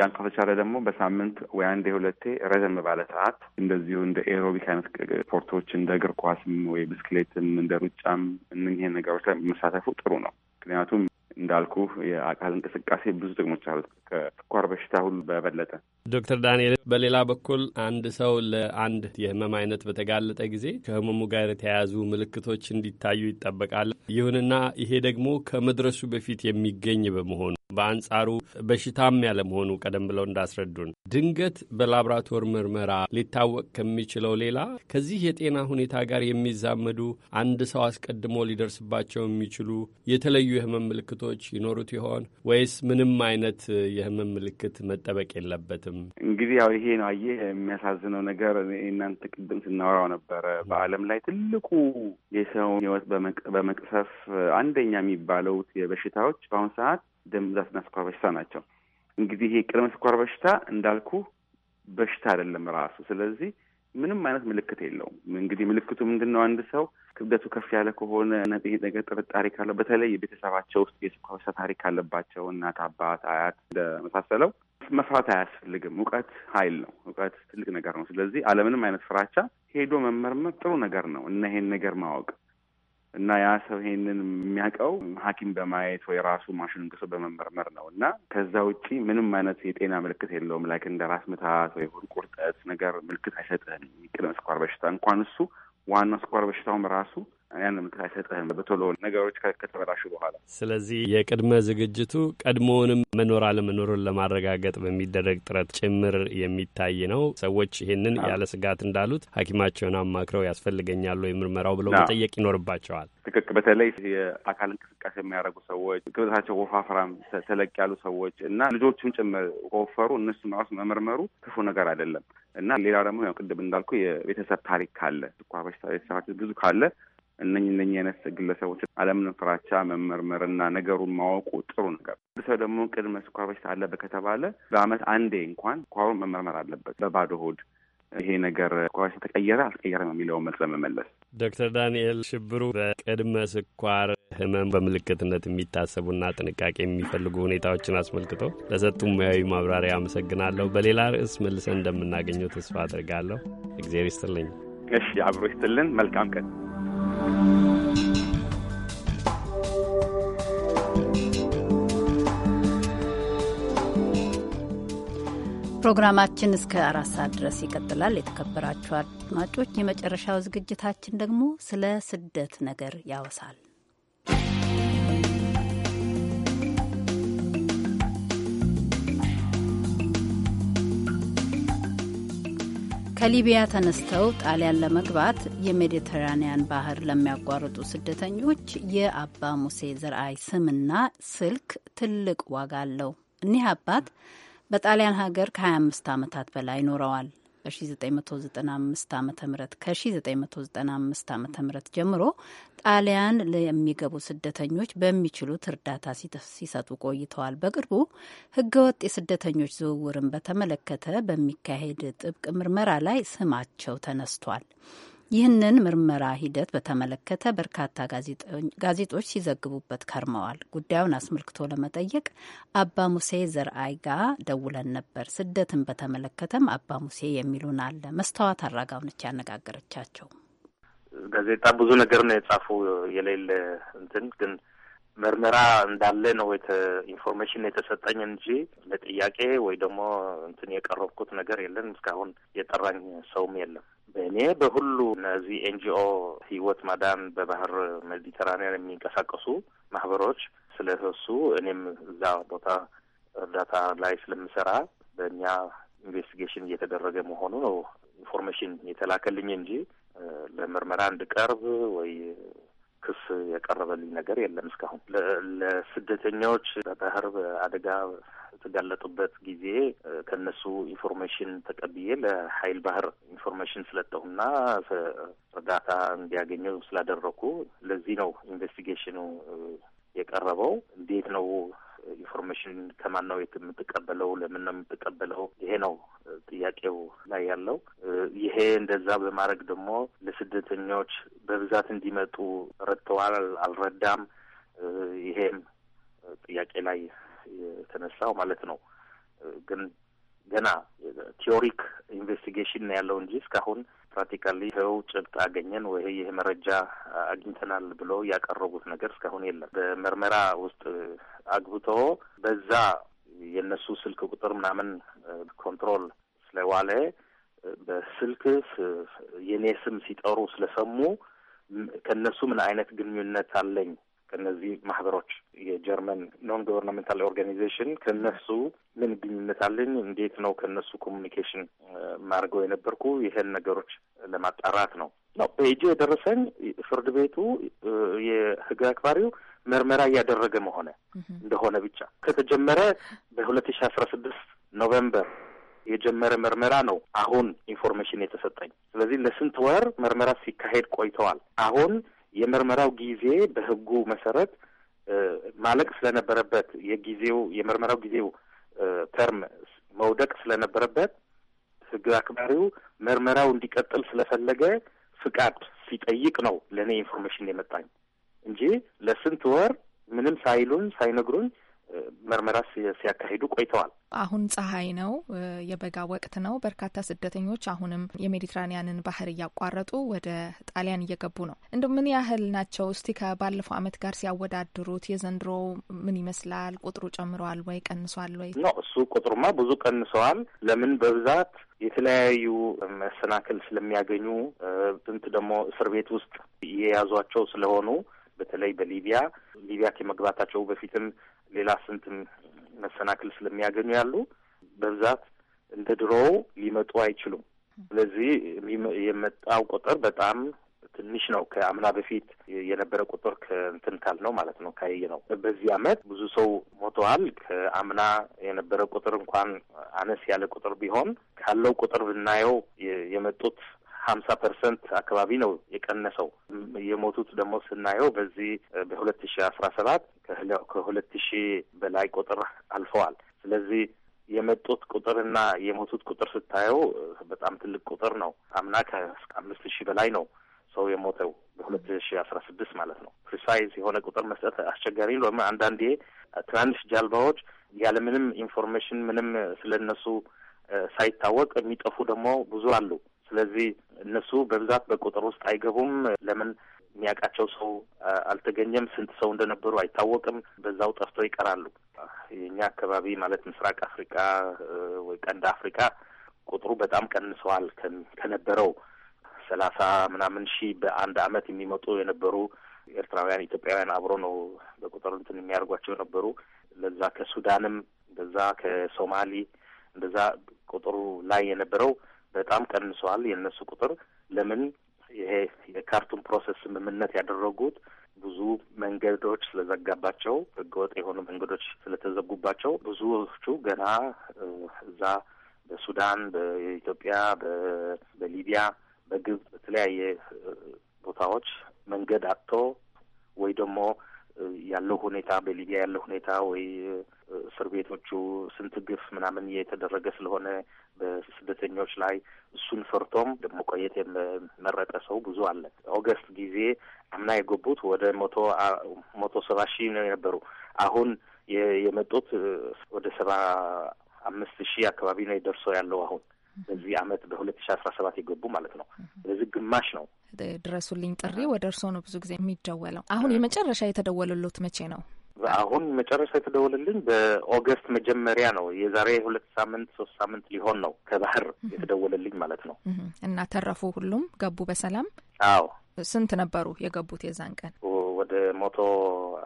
ያን ከተቻለ ደግሞ በሳምንት ወይ አንዴ ሁለቴ ረዘም ባለ ሰዓት እንደዚሁ እንደ ኤሮቢክ አይነት ስፖርቶች እንደ እግር ኳስም ወይ ብስክሌትም እንደ ሩጫም እነዚህ ነገሮች ላይ መሳተፉ ጥሩ ነው። ምክንያቱም እንዳልኩ የአካል እንቅስቃሴ ብዙ ጥቅሞች አሉት ከስኳር በሽታ ሁሉ በበለጠ። ዶክተር ዳንኤል በሌላ በኩል አንድ ሰው ለአንድ የህመም አይነት በተጋለጠ ጊዜ ከህመሙ ጋር የተያያዙ ምልክቶች እንዲታዩ ይጠበቃል። ይሁንና ይሄ ደግሞ ከመድረሱ በፊት የሚገኝ በመሆኑ በአንጻሩ በሽታም ያለመሆኑ ቀደም ብለው እንዳስረዱን ድንገት በላብራቶር ምርመራ ሊታወቅ ከሚችለው ሌላ ከዚህ የጤና ሁኔታ ጋር የሚዛመዱ አንድ ሰው አስቀድሞ ሊደርስባቸው የሚችሉ የተለዩ የህመም ምልክቶች ይኖሩት ይሆን ወይስ ምንም አይነት የህመም ምልክት መጠበቅ የለበትም? እንግዲህ ያው ይሄ ነው አየህ፣ የሚያሳዝነው ነገር እናንተ ቅድም ስናወራው ነበረ። በዓለም ላይ ትልቁ የሰውን ህይወት በመቅሰፍ አንደኛ የሚባለው የበሽታዎች በአሁኑ ሰዓት ደም ብዛትና ስኳር በሽታ ናቸው። እንግዲህ ይሄ ቅድመ ስኳር በሽታ እንዳልኩ በሽታ አይደለም ራሱ። ስለዚህ ምንም አይነት ምልክት የለውም። እንግዲህ ምልክቱ ምንድን ነው? አንድ ሰው ክብደቱ ከፍ ያለ ከሆነ ነጥ ነገር ጥርጣሬ ካለው በተለይ የቤተሰባቸው ውስጥ የስኳር በሽታ ታሪክ ካለባቸው እናት፣ አባት፣ አያት እንደመሳሰለው መፍራት አያስፈልግም። እውቀት ኃይል ነው። እውቀት ትልቅ ነገር ነው። ስለዚህ አለምንም አይነት ፍራቻ ሄዶ መመርመር ጥሩ ነገር ነው እና ይሄን ነገር ማወቅ እና ያ ሰው ይሄንን የሚያውቀው ሐኪም በማየት ወይ ራሱ ማሽኑን ቅሶ በመመርመር ነው እና ከዛ ውጪ ምንም አይነት የጤና ምልክት የለውም። ላይክ እንደ ራስ ምታት ወይ ሆድ ቁርጠት ነገር ምልክት አይሰጥህም። ቅድመ ስኳር በሽታ እንኳን እሱ ዋናው ስኳር በሽታውም ራሱ ያን ምክር አይሰጥህም በቶሎ ነገሮች ከተበላሹ በኋላ። ስለዚህ የቅድመ ዝግጅቱ ቀድሞውንም መኖር አለመኖሩን ለማረጋገጥ በሚደረግ ጥረት ጭምር የሚታይ ነው። ሰዎች ይህንን ያለ ስጋት እንዳሉት ሐኪማቸውን አማክረው ያስፈልገኛሉ የምርመራው ብለው መጠየቅ ይኖርባቸዋል። ትክክ በተለይ የአካል እንቅስቃሴ የሚያደርጉ ሰዎች፣ ክብደታቸው ወፋፍራም ተለቅ ያሉ ሰዎች እና ልጆቹም ጭምር ከወፈሩ እነሱ ራሱ መመርመሩ ክፉ ነገር አይደለም እና ሌላ ደግሞ ያው ቅድም እንዳልኩ የቤተሰብ ታሪክ ካለ ስኳር በሽታ ቤተሰባችን ብዙ ካለ እነኝ እነኝ አይነት ግለሰቦች አለምንም ፍራቻ መመርመርና ነገሩን ማወቁ ጥሩ ነገር። ሰው ደግሞ ቅድመ ስኳር በሽታ አለበት ከተባለ በአመት አንዴ እንኳን ስኳሩን መመርመር አለበት በባዶ ሆድ ይሄ ነገር ስኳር ተቀየረ አልተቀየረም የሚለው መልስ ለመመለስ። ዶክተር ዳንኤል ሽብሩ በቅድመ ስኳር ህመም በምልክትነት የሚታሰቡና ጥንቃቄ የሚፈልጉ ሁኔታዎችን አስመልክቶ ለሰጡ ሙያዊ ማብራሪያ አመሰግናለሁ። በሌላ ርዕስ መልሰን እንደምናገኘው ተስፋ አድርጋለሁ። እግዜር ይስጥልኝ። እሺ አብሮ ይስጥልን። መልካም ቀን ፕሮግራማችን እስከ አራት ሰዓት ድረስ ይቀጥላል። የተከበራችሁ አድማጮች፣ የመጨረሻው ዝግጅታችን ደግሞ ስለ ስደት ነገር ያወሳል። ከሊቢያ ተነስተው ጣሊያን ለመግባት የሜዲተራኒያን ባህር ለሚያቋርጡ ስደተኞች የአባ ሙሴ ዘርአይ ስምና ስልክ ትልቅ ዋጋ አለው። እኒህ አባት በጣሊያን ሀገር ከ25 ዓመታት በላይ ኖረዋል። በ1995 ዓ ም ከ1995 ዓ ም ጀምሮ ጣሊያን ለሚገቡ ስደተኞች በሚችሉት እርዳታ ሲሰጡ ቆይተዋል። በቅርቡ ህገወጥ የስደተኞች ዝውውርን በተመለከተ በሚካሄድ ጥብቅ ምርመራ ላይ ስማቸው ተነስቷል። ይህንን ምርመራ ሂደት በተመለከተ በርካታ ጋዜጦች ሲዘግቡበት ከርመዋል። ጉዳዩን አስመልክቶ ለመጠየቅ አባ ሙሴ ዘርአይ ጋ ደውለን ነበር። ስደትን በተመለከተም አባ ሙሴ የሚሉን አለ። መስተዋት አራጋው ነች ያነጋገረቻቸው። ጋዜጣ ብዙ ነገር ነው የጻፉ የሌለ እንትን ግን ምርመራ እንዳለ ነው ኢንፎርሜሽን የተሰጠኝ እንጂ ለጥያቄ ወይ ደግሞ እንትን የቀረብኩት ነገር የለም። እስካሁን የጠራኝ ሰውም የለም። እኔ በሁሉ እነዚህ ኤንጂኦ ህይወት ማዳን በባህር ሜዲተራኒያን የሚንቀሳቀሱ ማህበሮች ስለተሱ እኔም እዛ ቦታ እርዳታ ላይ ስለምሰራ በእኛ ኢንቨስቲጌሽን እየተደረገ መሆኑ ነው ኢንፎርሜሽን የተላከልኝ እንጂ ለምርመራ እንድቀርብ ወይ ክስ የቀረበልኝ ነገር የለም። እስካሁን ለስደተኞች በባህር አደጋ የተጋለጡበት ጊዜ ከነሱ ኢንፎርሜሽን ተቀብዬ ለሀይል ባህር ኢንፎርሜሽን ስለጠሁና እርዳታ እንዲያገኘው ስላደረኩ ለዚህ ነው ኢንቨስቲጌሽኑ የቀረበው። እንዴት ነው ኢንፎርሜሽን ከማን ነው የምትቀበለው? ለምን ነው የምትቀበለው? ይሄ ነው ጥያቄው ላይ ያለው። ይሄ እንደዛ በማድረግ ደግሞ ለስደተኞች በብዛት እንዲመጡ ረድተዋል አልረዳም? ይሄም ጥያቄ ላይ የተነሳው ማለት ነው። ግን ገና ቲዮሪክ ኢንቨስቲጌሽን ነው ያለው እንጂ እስካሁን ፕራክቲካሊ ይኸው ጭብጥ አገኘን ወይ ይህ መረጃ አግኝተናል ብሎ ያቀረቡት ነገር እስካሁን የለም። በምርመራ ውስጥ አግብቶ በዛ የእነሱ ስልክ ቁጥር ምናምን ኮንትሮል ስለዋለ በስልክ የኔ ስም ሲጠሩ ስለሰሙ ከእነሱ ምን አይነት ግንኙነት አለኝ ከነዚህ ማህበሮች የጀርመን ኖን ጎቨርናሜንታል ኦርጋኒዜሽን ከነሱ ምን ግንኙነት አለኝ? እንዴት ነው ከነሱ ኮሚኒኬሽን ማድርገው የነበርኩ ይህን ነገሮች ለማጣራት ነው ነው የደረሰኝ ፍርድ ቤቱ የህግ አክባሪው ምርመራ እያደረገ መሆነ እንደሆነ ብቻ ከተጀመረ በሁለት ሺ አስራ ስድስት ኖቬምበር የጀመረ ምርመራ ነው። አሁን ኢንፎርሜሽን የተሰጠኝ። ስለዚህ ለስንት ወር ምርመራ ሲካሄድ ቆይተዋል። አሁን የምርመራው ጊዜ በህጉ መሰረት ማለቅ ስለነበረበት የጊዜው የምርመራው ጊዜው ተርም መውደቅ ስለነበረበት ህግ አክባሪው ምርመራው እንዲቀጥል ስለፈለገ ፍቃድ ሲጠይቅ ነው ለእኔ ኢንፎርሜሽን የመጣኝ እንጂ ለስንት ወር ምንም ሳይሉን ሳይነግሩኝ ምርመራ ሲያካሂዱ ቆይተዋል። አሁን ፀሐይ ነው፣ የበጋ ወቅት ነው። በርካታ ስደተኞች አሁንም የሜዲትራኒያንን ባህር እያቋረጡ ወደ ጣሊያን እየገቡ ነው። እንደ ምን ያህል ናቸው? እስቲ ከባለፈው ዓመት ጋር ሲያወዳድሩት የዘንድሮ ምን ይመስላል? ቁጥሩ ጨምረዋል ወይ ቀንሷል ወይ? ነው እሱ ቁጥሩማ ብዙ ቀንሰዋል። ለምን በብዛት የተለያዩ መሰናክል ስለሚያገኙ ጥንት ደግሞ እስር ቤት ውስጥ የያዟቸው ስለሆኑ በተለይ በሊቢያ ሊቢያ ከመግባታቸው በፊትም ሌላ ስንትም መሰናክል ስለሚያገኙ ያሉ በብዛት እንደ ድሮው ሊመጡ አይችሉም። ስለዚህ የመጣው ቁጥር በጣም ትንሽ ነው። ከአምና በፊት የነበረ ቁጥር ከእንትን ካል ነው ማለት ነው ካየ ነው። በዚህ አመት ብዙ ሰው ሞተዋል። ከአምና የነበረ ቁጥር እንኳን አነስ ያለ ቁጥር ቢሆን ካለው ቁጥር ብናየው የመጡት ሀምሳ ፐርሰንት አካባቢ ነው የቀነሰው። የሞቱት ደግሞ ስናየው በዚህ በሁለት ሺ አስራ ሰባት ከሁለት ሺ በላይ ቁጥር አልፈዋል። ስለዚህ የመጡት ቁጥርና የሞቱት ቁጥር ስታየው በጣም ትልቅ ቁጥር ነው። አምና ከእስከ አምስት ሺህ በላይ ነው ሰው የሞተው በሁለት ሺ አስራ ስድስት ማለት ነው። ፕሪሳይዝ የሆነ ቁጥር መስጠት አስቸጋሪ ነው። አንዳንዴ ትናንሽ ጀልባዎች ያለምንም ኢንፎርሜሽን ምንም ስለነሱ ሳይታወቅ የሚጠፉ ደግሞ ብዙ አሉ። ስለዚህ እነሱ በብዛት በቁጥር ውስጥ አይገቡም። ለምን የሚያውቃቸው ሰው አልተገኘም። ስንት ሰው እንደነበሩ አይታወቅም። በዛው ጠፍተው ይቀራሉ። የእኛ አካባቢ ማለት ምስራቅ አፍሪካ ወይ ቀንድ አፍሪካ ቁጥሩ በጣም ቀንሰዋል። ከነበረው ሰላሳ ምናምን ሺህ በአንድ አመት የሚመጡ የነበሩ ኤርትራውያን፣ ኢትዮጵያውያን አብሮ ነው በቁጥር እንትን የሚያደርጓቸው የነበሩ ለዛ ከሱዳንም በዛ ከሶማሊ እንደዛ ቁጥሩ ላይ የነበረው በጣም ቀንሰዋል። የእነሱ ቁጥር ለምን ይሄ የካርቱም ፕሮሰስ ስምምነት ያደረጉት ብዙ መንገዶች ስለዘጋባቸው ህገወጥ የሆኑ መንገዶች ስለተዘጉባቸው ብዙዎቹ ገና እዛ በሱዳን፣ በኢትዮጵያ፣ በሊቢያ፣ በግብጽ በተለያየ ቦታዎች መንገድ አጥቶ ወይ ደግሞ ያለው ሁኔታ በሊቢያ ያለው ሁኔታ ወይ እስር ቤቶቹ ስንት ግፍ ምናምን የተደረገ ስለሆነ በስደተኞች ላይ እሱን ፈርቶም መቆየት የመረጠ ሰው ብዙ አለ። ኦገስት ጊዜ አምና የገቡት ወደ መቶ መቶ ሰባ ሺህ ነው የነበሩ። አሁን የመጡት ወደ ሰባ አምስት ሺህ አካባቢ ነው የደርሰው ያለው አሁን በዚህ አመት በሁለት ሺ አስራ ሰባት የገቡ ማለት ነው። ስለዚህ ግማሽ ነው። ድረሱልኝ ጥሪ ወደ እርስዎ ነው ብዙ ጊዜ የሚደወለው። አሁን የመጨረሻ የተደወለሎት መቼ ነው? አሁን መጨረሻ የተደወለልኝ በኦገስት መጀመሪያ ነው። የዛሬ ሁለት ሳምንት ሶስት ሳምንት ሊሆን ነው ከባህር የተደወለልኝ ማለት ነው። እና ተረፉ? ሁሉም ገቡ በሰላም? አዎ። ስንት ነበሩ የገቡት የዛን ቀን? ወደ መቶ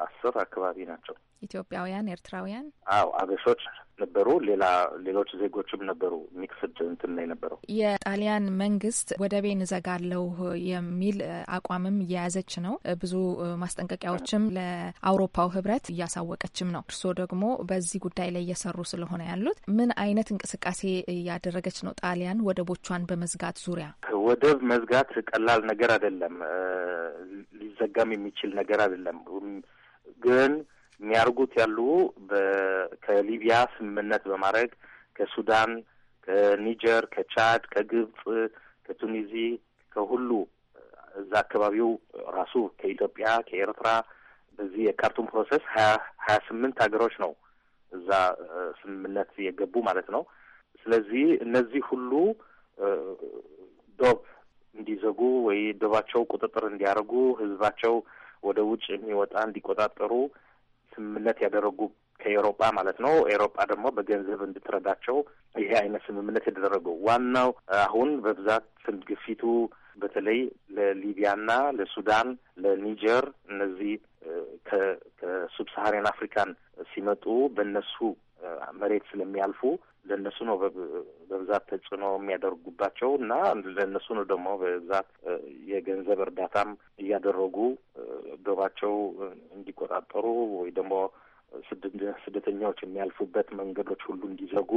አስር አካባቢ ናቸው። ኢትዮጵያውያን፣ ኤርትራውያን? አዎ አበሾች ነበሩ። ሌላ ሌሎች ዜጎችም ነበሩ። ሚክስድ እንትን ነው የነበረው። የጣሊያን መንግስት ወደቤን እዘጋለሁ የሚል አቋምም እየያዘች ነው። ብዙ ማስጠንቀቂያዎችም ለአውሮፓው ህብረት እያሳወቀችም ነው። እርስዎ ደግሞ በዚህ ጉዳይ ላይ እየሰሩ ስለሆነ ያሉት ምን አይነት እንቅስቃሴ እያደረገች ነው ጣሊያን ወደቦቿን በመዝጋት ዙሪያ? ወደብ መዝጋት ቀላል ነገር አይደለም። ሊዘጋም የሚችል ነገር አይደለም ግን የሚያርጉት ያሉ ከሊቢያ ስምምነት በማድረግ ከሱዳን፣ ከኒጀር፣ ከቻድ፣ ከግብፅ፣ ከቱኒዚ ከሁሉ እዛ አካባቢው ራሱ ከኢትዮጵያ፣ ከኤርትራ በዚህ የካርቱም ፕሮሰስ ሀያ ሀያ ስምንት ሀገሮች ነው እዛ ስምምነት የገቡ ማለት ነው። ስለዚህ እነዚህ ሁሉ ዶብ እንዲዘጉ ወይ ዶባቸው ቁጥጥር እንዲያደርጉ ህዝባቸው ወደ ውጭ የሚወጣ እንዲቆጣጠሩ ስምምነት ያደረጉ ከኤሮጳ ማለት ነው። ኤሮጳ ደግሞ በገንዘብ እንድትረዳቸው ይሄ አይነት ስምምነት የተደረገው ዋናው አሁን በብዛት ግፊቱ በተለይ ለሊቢያና ለሱዳን፣ ለኒጀር እነዚህ ከሱብሳሃሪያን አፍሪካን ሲመጡ በእነሱ መሬት ስለሚያልፉ ለእነሱ ነው በብዛት ተጽዕኖ የሚያደርጉባቸው እና ለእነሱ ነው ደግሞ በብዛት የገንዘብ እርዳታም እያደረጉ ዶባቸው እንዲቆጣጠሩ ወይ ደግሞ ስደተኛዎች የሚያልፉበት መንገዶች ሁሉ እንዲዘጉ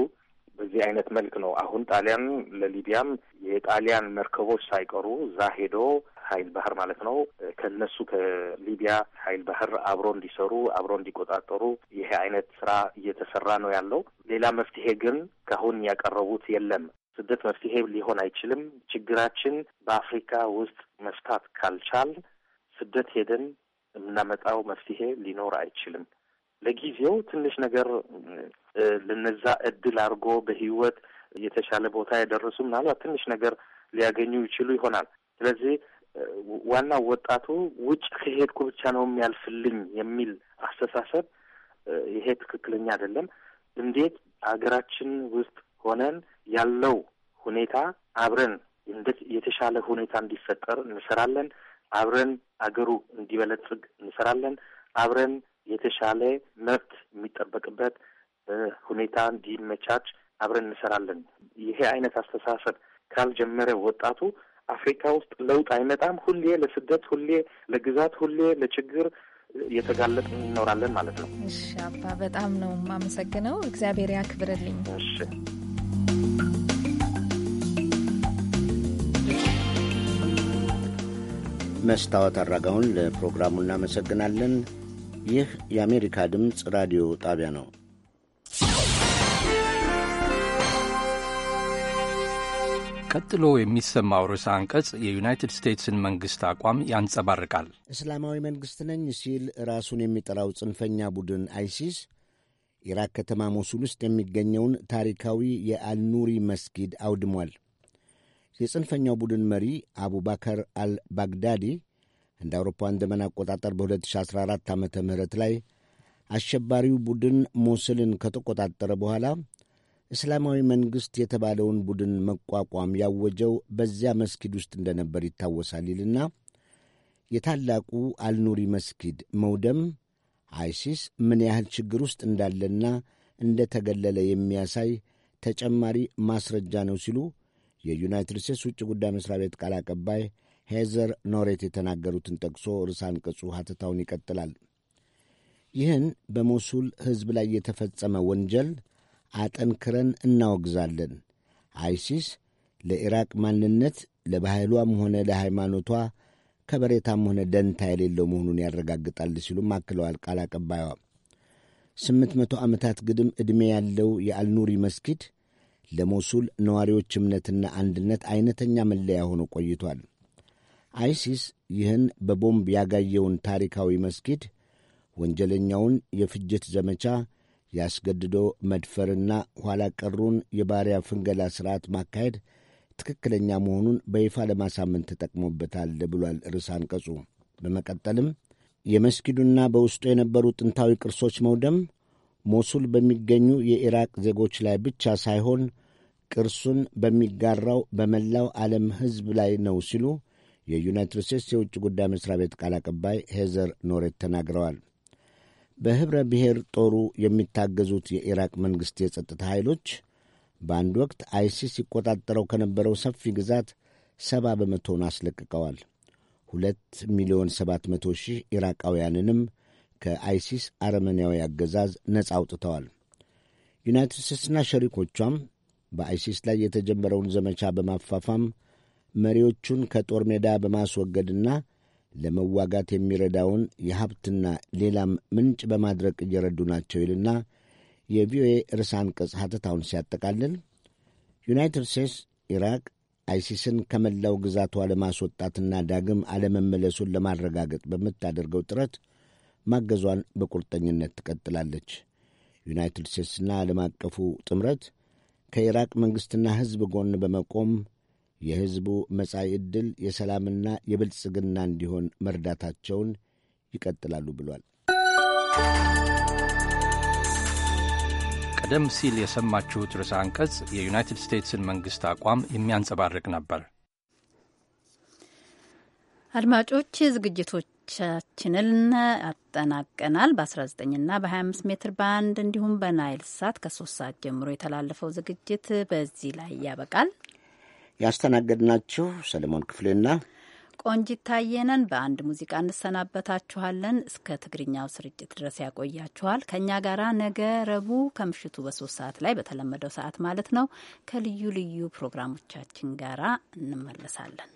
በዚህ አይነት መልክ ነው አሁን ጣሊያን ለሊቢያም የጣሊያን መርከቦች ሳይቀሩ እዛ ሄዶ ኃይል ባህር ማለት ነው ከነሱ ከሊቢያ ኃይል ባህር አብሮ እንዲሰሩ አብሮ እንዲቆጣጠሩ ይሄ አይነት ስራ እየተሰራ ነው ያለው። ሌላ መፍትሄ ግን ካሁን ያቀረቡት የለም። ስደት መፍትሄ ሊሆን አይችልም። ችግራችን በአፍሪካ ውስጥ መፍታት ካልቻል ስደት ሄደን የምናመጣው መፍትሄ ሊኖር አይችልም። ለጊዜው ትንሽ ነገር ለነዛ እድል አድርጎ በህይወት የተሻለ ቦታ የደረሱ ምናልባት ትንሽ ነገር ሊያገኙ ይችሉ ይሆናል። ስለዚህ ዋናው ወጣቱ ውጭ ከሄድኩ ብቻ ነው የሚያልፍልኝ የሚል አስተሳሰብ ይሄ ትክክለኛ አይደለም። እንዴት አገራችን ውስጥ ሆነን ያለው ሁኔታ አብረን እንዴት የተሻለ ሁኔታ እንዲፈጠር እንሰራለን። አብረን አገሩ እንዲበለጽግ እንሰራለን። አብረን የተሻለ መብት የሚጠበቅበት ሁኔታ እንዲመቻች አብረን እንሰራለን። ይሄ አይነት አስተሳሰብ ካልጀመረ ወጣቱ አፍሪካ ውስጥ ለውጥ አይመጣም። ሁሌ ለስደት፣ ሁሌ ለግዛት፣ ሁሌ ለችግር እየተጋለጥ እንኖራለን ማለት ነው። እሺ አባ በጣም ነው የማመሰግነው። እግዚአብሔር ያክብርልኝ። እሺ መስታወት አራጋውን ለፕሮግራሙ እናመሰግናለን። ይህ የአሜሪካ ድምፅ ራዲዮ ጣቢያ ነው። ቀጥሎ የሚሰማው ርዕሰ አንቀጽ የዩናይትድ ስቴትስን መንግሥት አቋም ያንጸባርቃል። እስላማዊ መንግሥት ነኝ ሲል ራሱን የሚጠራው ጽንፈኛ ቡድን አይሲስ ኢራቅ ከተማ ሞሱል ውስጥ የሚገኘውን ታሪካዊ የአልኑሪ መስጊድ አውድሟል። የጽንፈኛው ቡድን መሪ አቡባከር አልባግዳዲ እንደ አውሮፓውያን ዘመን አቆጣጠር በ2014 ዓ ም ላይ አሸባሪው ቡድን ሞስልን ከተቆጣጠረ በኋላ እስላማዊ መንግሥት የተባለውን ቡድን መቋቋም ያወጀው በዚያ መስጊድ ውስጥ እንደነበር ይታወሳል ይልና የታላቁ አልኑሪ መስጊድ መውደም አይሲስ ምን ያህል ችግር ውስጥ እንዳለና እንደ ተገለለ የሚያሳይ ተጨማሪ ማስረጃ ነው ሲሉ የዩናይትድ ስቴትስ ውጭ ጉዳይ መሥሪያ ቤት ቃል አቀባይ ሄዘር ኖሬት የተናገሩትን ጠቅሶ ርዕሰ አንቀጹ ሐተታውን ይቀጥላል። ይህን በሞሱል ሕዝብ ላይ የተፈጸመ ወንጀል አጠንክረን እናወግዛለን። አይሲስ ለኢራቅ ማንነት ለባህሏም ሆነ ለሃይማኖቷ ከበሬታም ሆነ ደንታ የሌለው መሆኑን ያረጋግጣል ሲሉም አክለዋል ቃል አቀባይዋ። ስምንት መቶ ዓመታት ግድም ዕድሜ ያለው የአልኑሪ መስጊድ ለሞሱል ነዋሪዎች እምነትና አንድነት አይነተኛ መለያ ሆኖ ቆይቷል። አይሲስ ይህን በቦምብ ያጋየውን ታሪካዊ መስጊድ ወንጀለኛውን የፍጅት ዘመቻ ያስገድዶ መድፈርና ኋላ ቀሩን የባሪያ ፍንገላ ሥርዓት ማካሄድ ትክክለኛ መሆኑን በይፋ ለማሳመን ተጠቅሞበታል ብሏል ርዕስ አንቀጹ። በመቀጠልም የመስጊዱና በውስጡ የነበሩ ጥንታዊ ቅርሶች መውደም ሞሱል በሚገኙ የኢራቅ ዜጎች ላይ ብቻ ሳይሆን ቅርሱን በሚጋራው በመላው ዓለም ሕዝብ ላይ ነው ሲሉ የዩናይትድ ስቴትስ የውጭ ጉዳይ መስሪያ ቤት ቃል አቀባይ ሄዘር ኖሬት ተናግረዋል። በኅብረ ብሔር ጦሩ የሚታገዙት የኢራቅ መንግሥት የጸጥታ ኃይሎች በአንድ ወቅት አይሲስ ይቆጣጠረው ከነበረው ሰፊ ግዛት ሰባ በመቶውን አስለቅቀዋል። ሁለት ሚሊዮን ሰባት መቶ ሺህ ኢራቃውያንንም ከአይሲስ አረመኔያዊ አገዛዝ ነጻ አውጥተዋል። ዩናይትድ ስቴትስና ሸሪኮቿም በአይሲስ ላይ የተጀመረውን ዘመቻ በማፋፋም መሪዎቹን ከጦር ሜዳ በማስወገድና ለመዋጋት የሚረዳውን የሀብትና ሌላም ምንጭ በማድረግ እየረዱ ናቸው ይልና የቪኦኤ ርዕሰ አንቀጽ ሐተታውን ሲያጠቃልል ዩናይትድ ስቴትስ ኢራቅ አይሲስን ከመላው ግዛቷ ለማስወጣትና ዳግም አለመመለሱን ለማረጋገጥ በምታደርገው ጥረት ማገዟን በቁርጠኝነት ትቀጥላለች። ዩናይትድ ስቴትስና ዓለም አቀፉ ጥምረት ከኢራቅ መንግሥትና ሕዝብ ጎን በመቆም የሕዝቡ መጻኢ ዕድል የሰላምና የብልጽግና እንዲሆን መርዳታቸውን ይቀጥላሉ ብሏል። ቀደም ሲል የሰማችሁት ርዕሰ አንቀጽ የዩናይትድ ስቴትስን መንግሥት አቋም የሚያንጸባርቅ ነበር። አድማጮች ዝግጅቶቻችንን ያጠናቀናል። በ19ና በ25 ሜትር ባንድ እንዲሁም በናይል ሳት ከሶስት ሰዓት ጀምሮ የተላለፈው ዝግጅት በዚህ ላይ ያበቃል። ያስተናገድናችሁ ሰለሞን ክፍሌና ቆንጂት ታየነን። በአንድ ሙዚቃ እንሰናበታችኋለን። እስከ ትግርኛው ስርጭት ድረስ ያቆያችኋል። ከእኛ ጋር ነገ ረቡዕ ከምሽቱ በሶስት ሰዓት ላይ በተለመደው ሰዓት ማለት ነው ከልዩ ልዩ ፕሮግራሞቻችን ጋራ እንመለሳለን።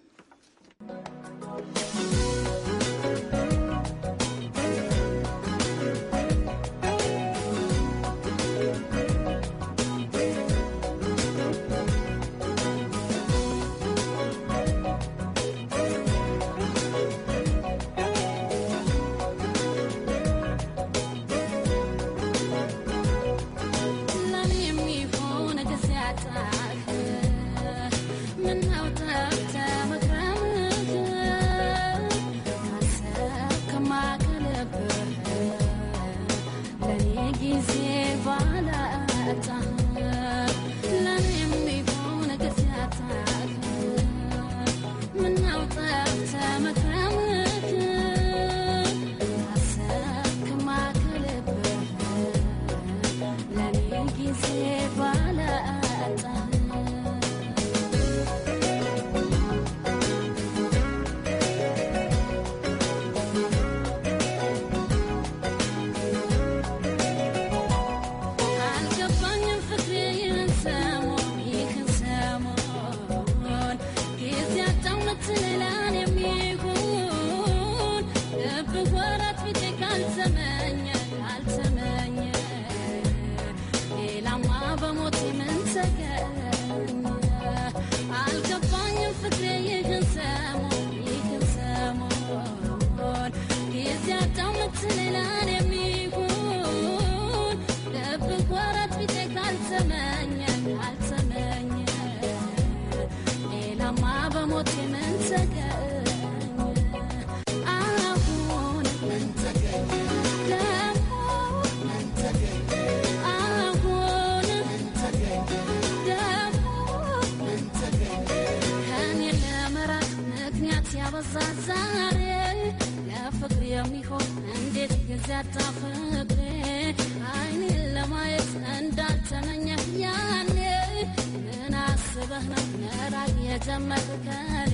what I'm ዛዛሬ ለፍቅር የሚሆን እንዴት ግዛታ ፍቅሬ አይኔን ለማየት እንዳልተመኘ ያኔ ምን አስበህ ነው መራቅ የጀመርከኔ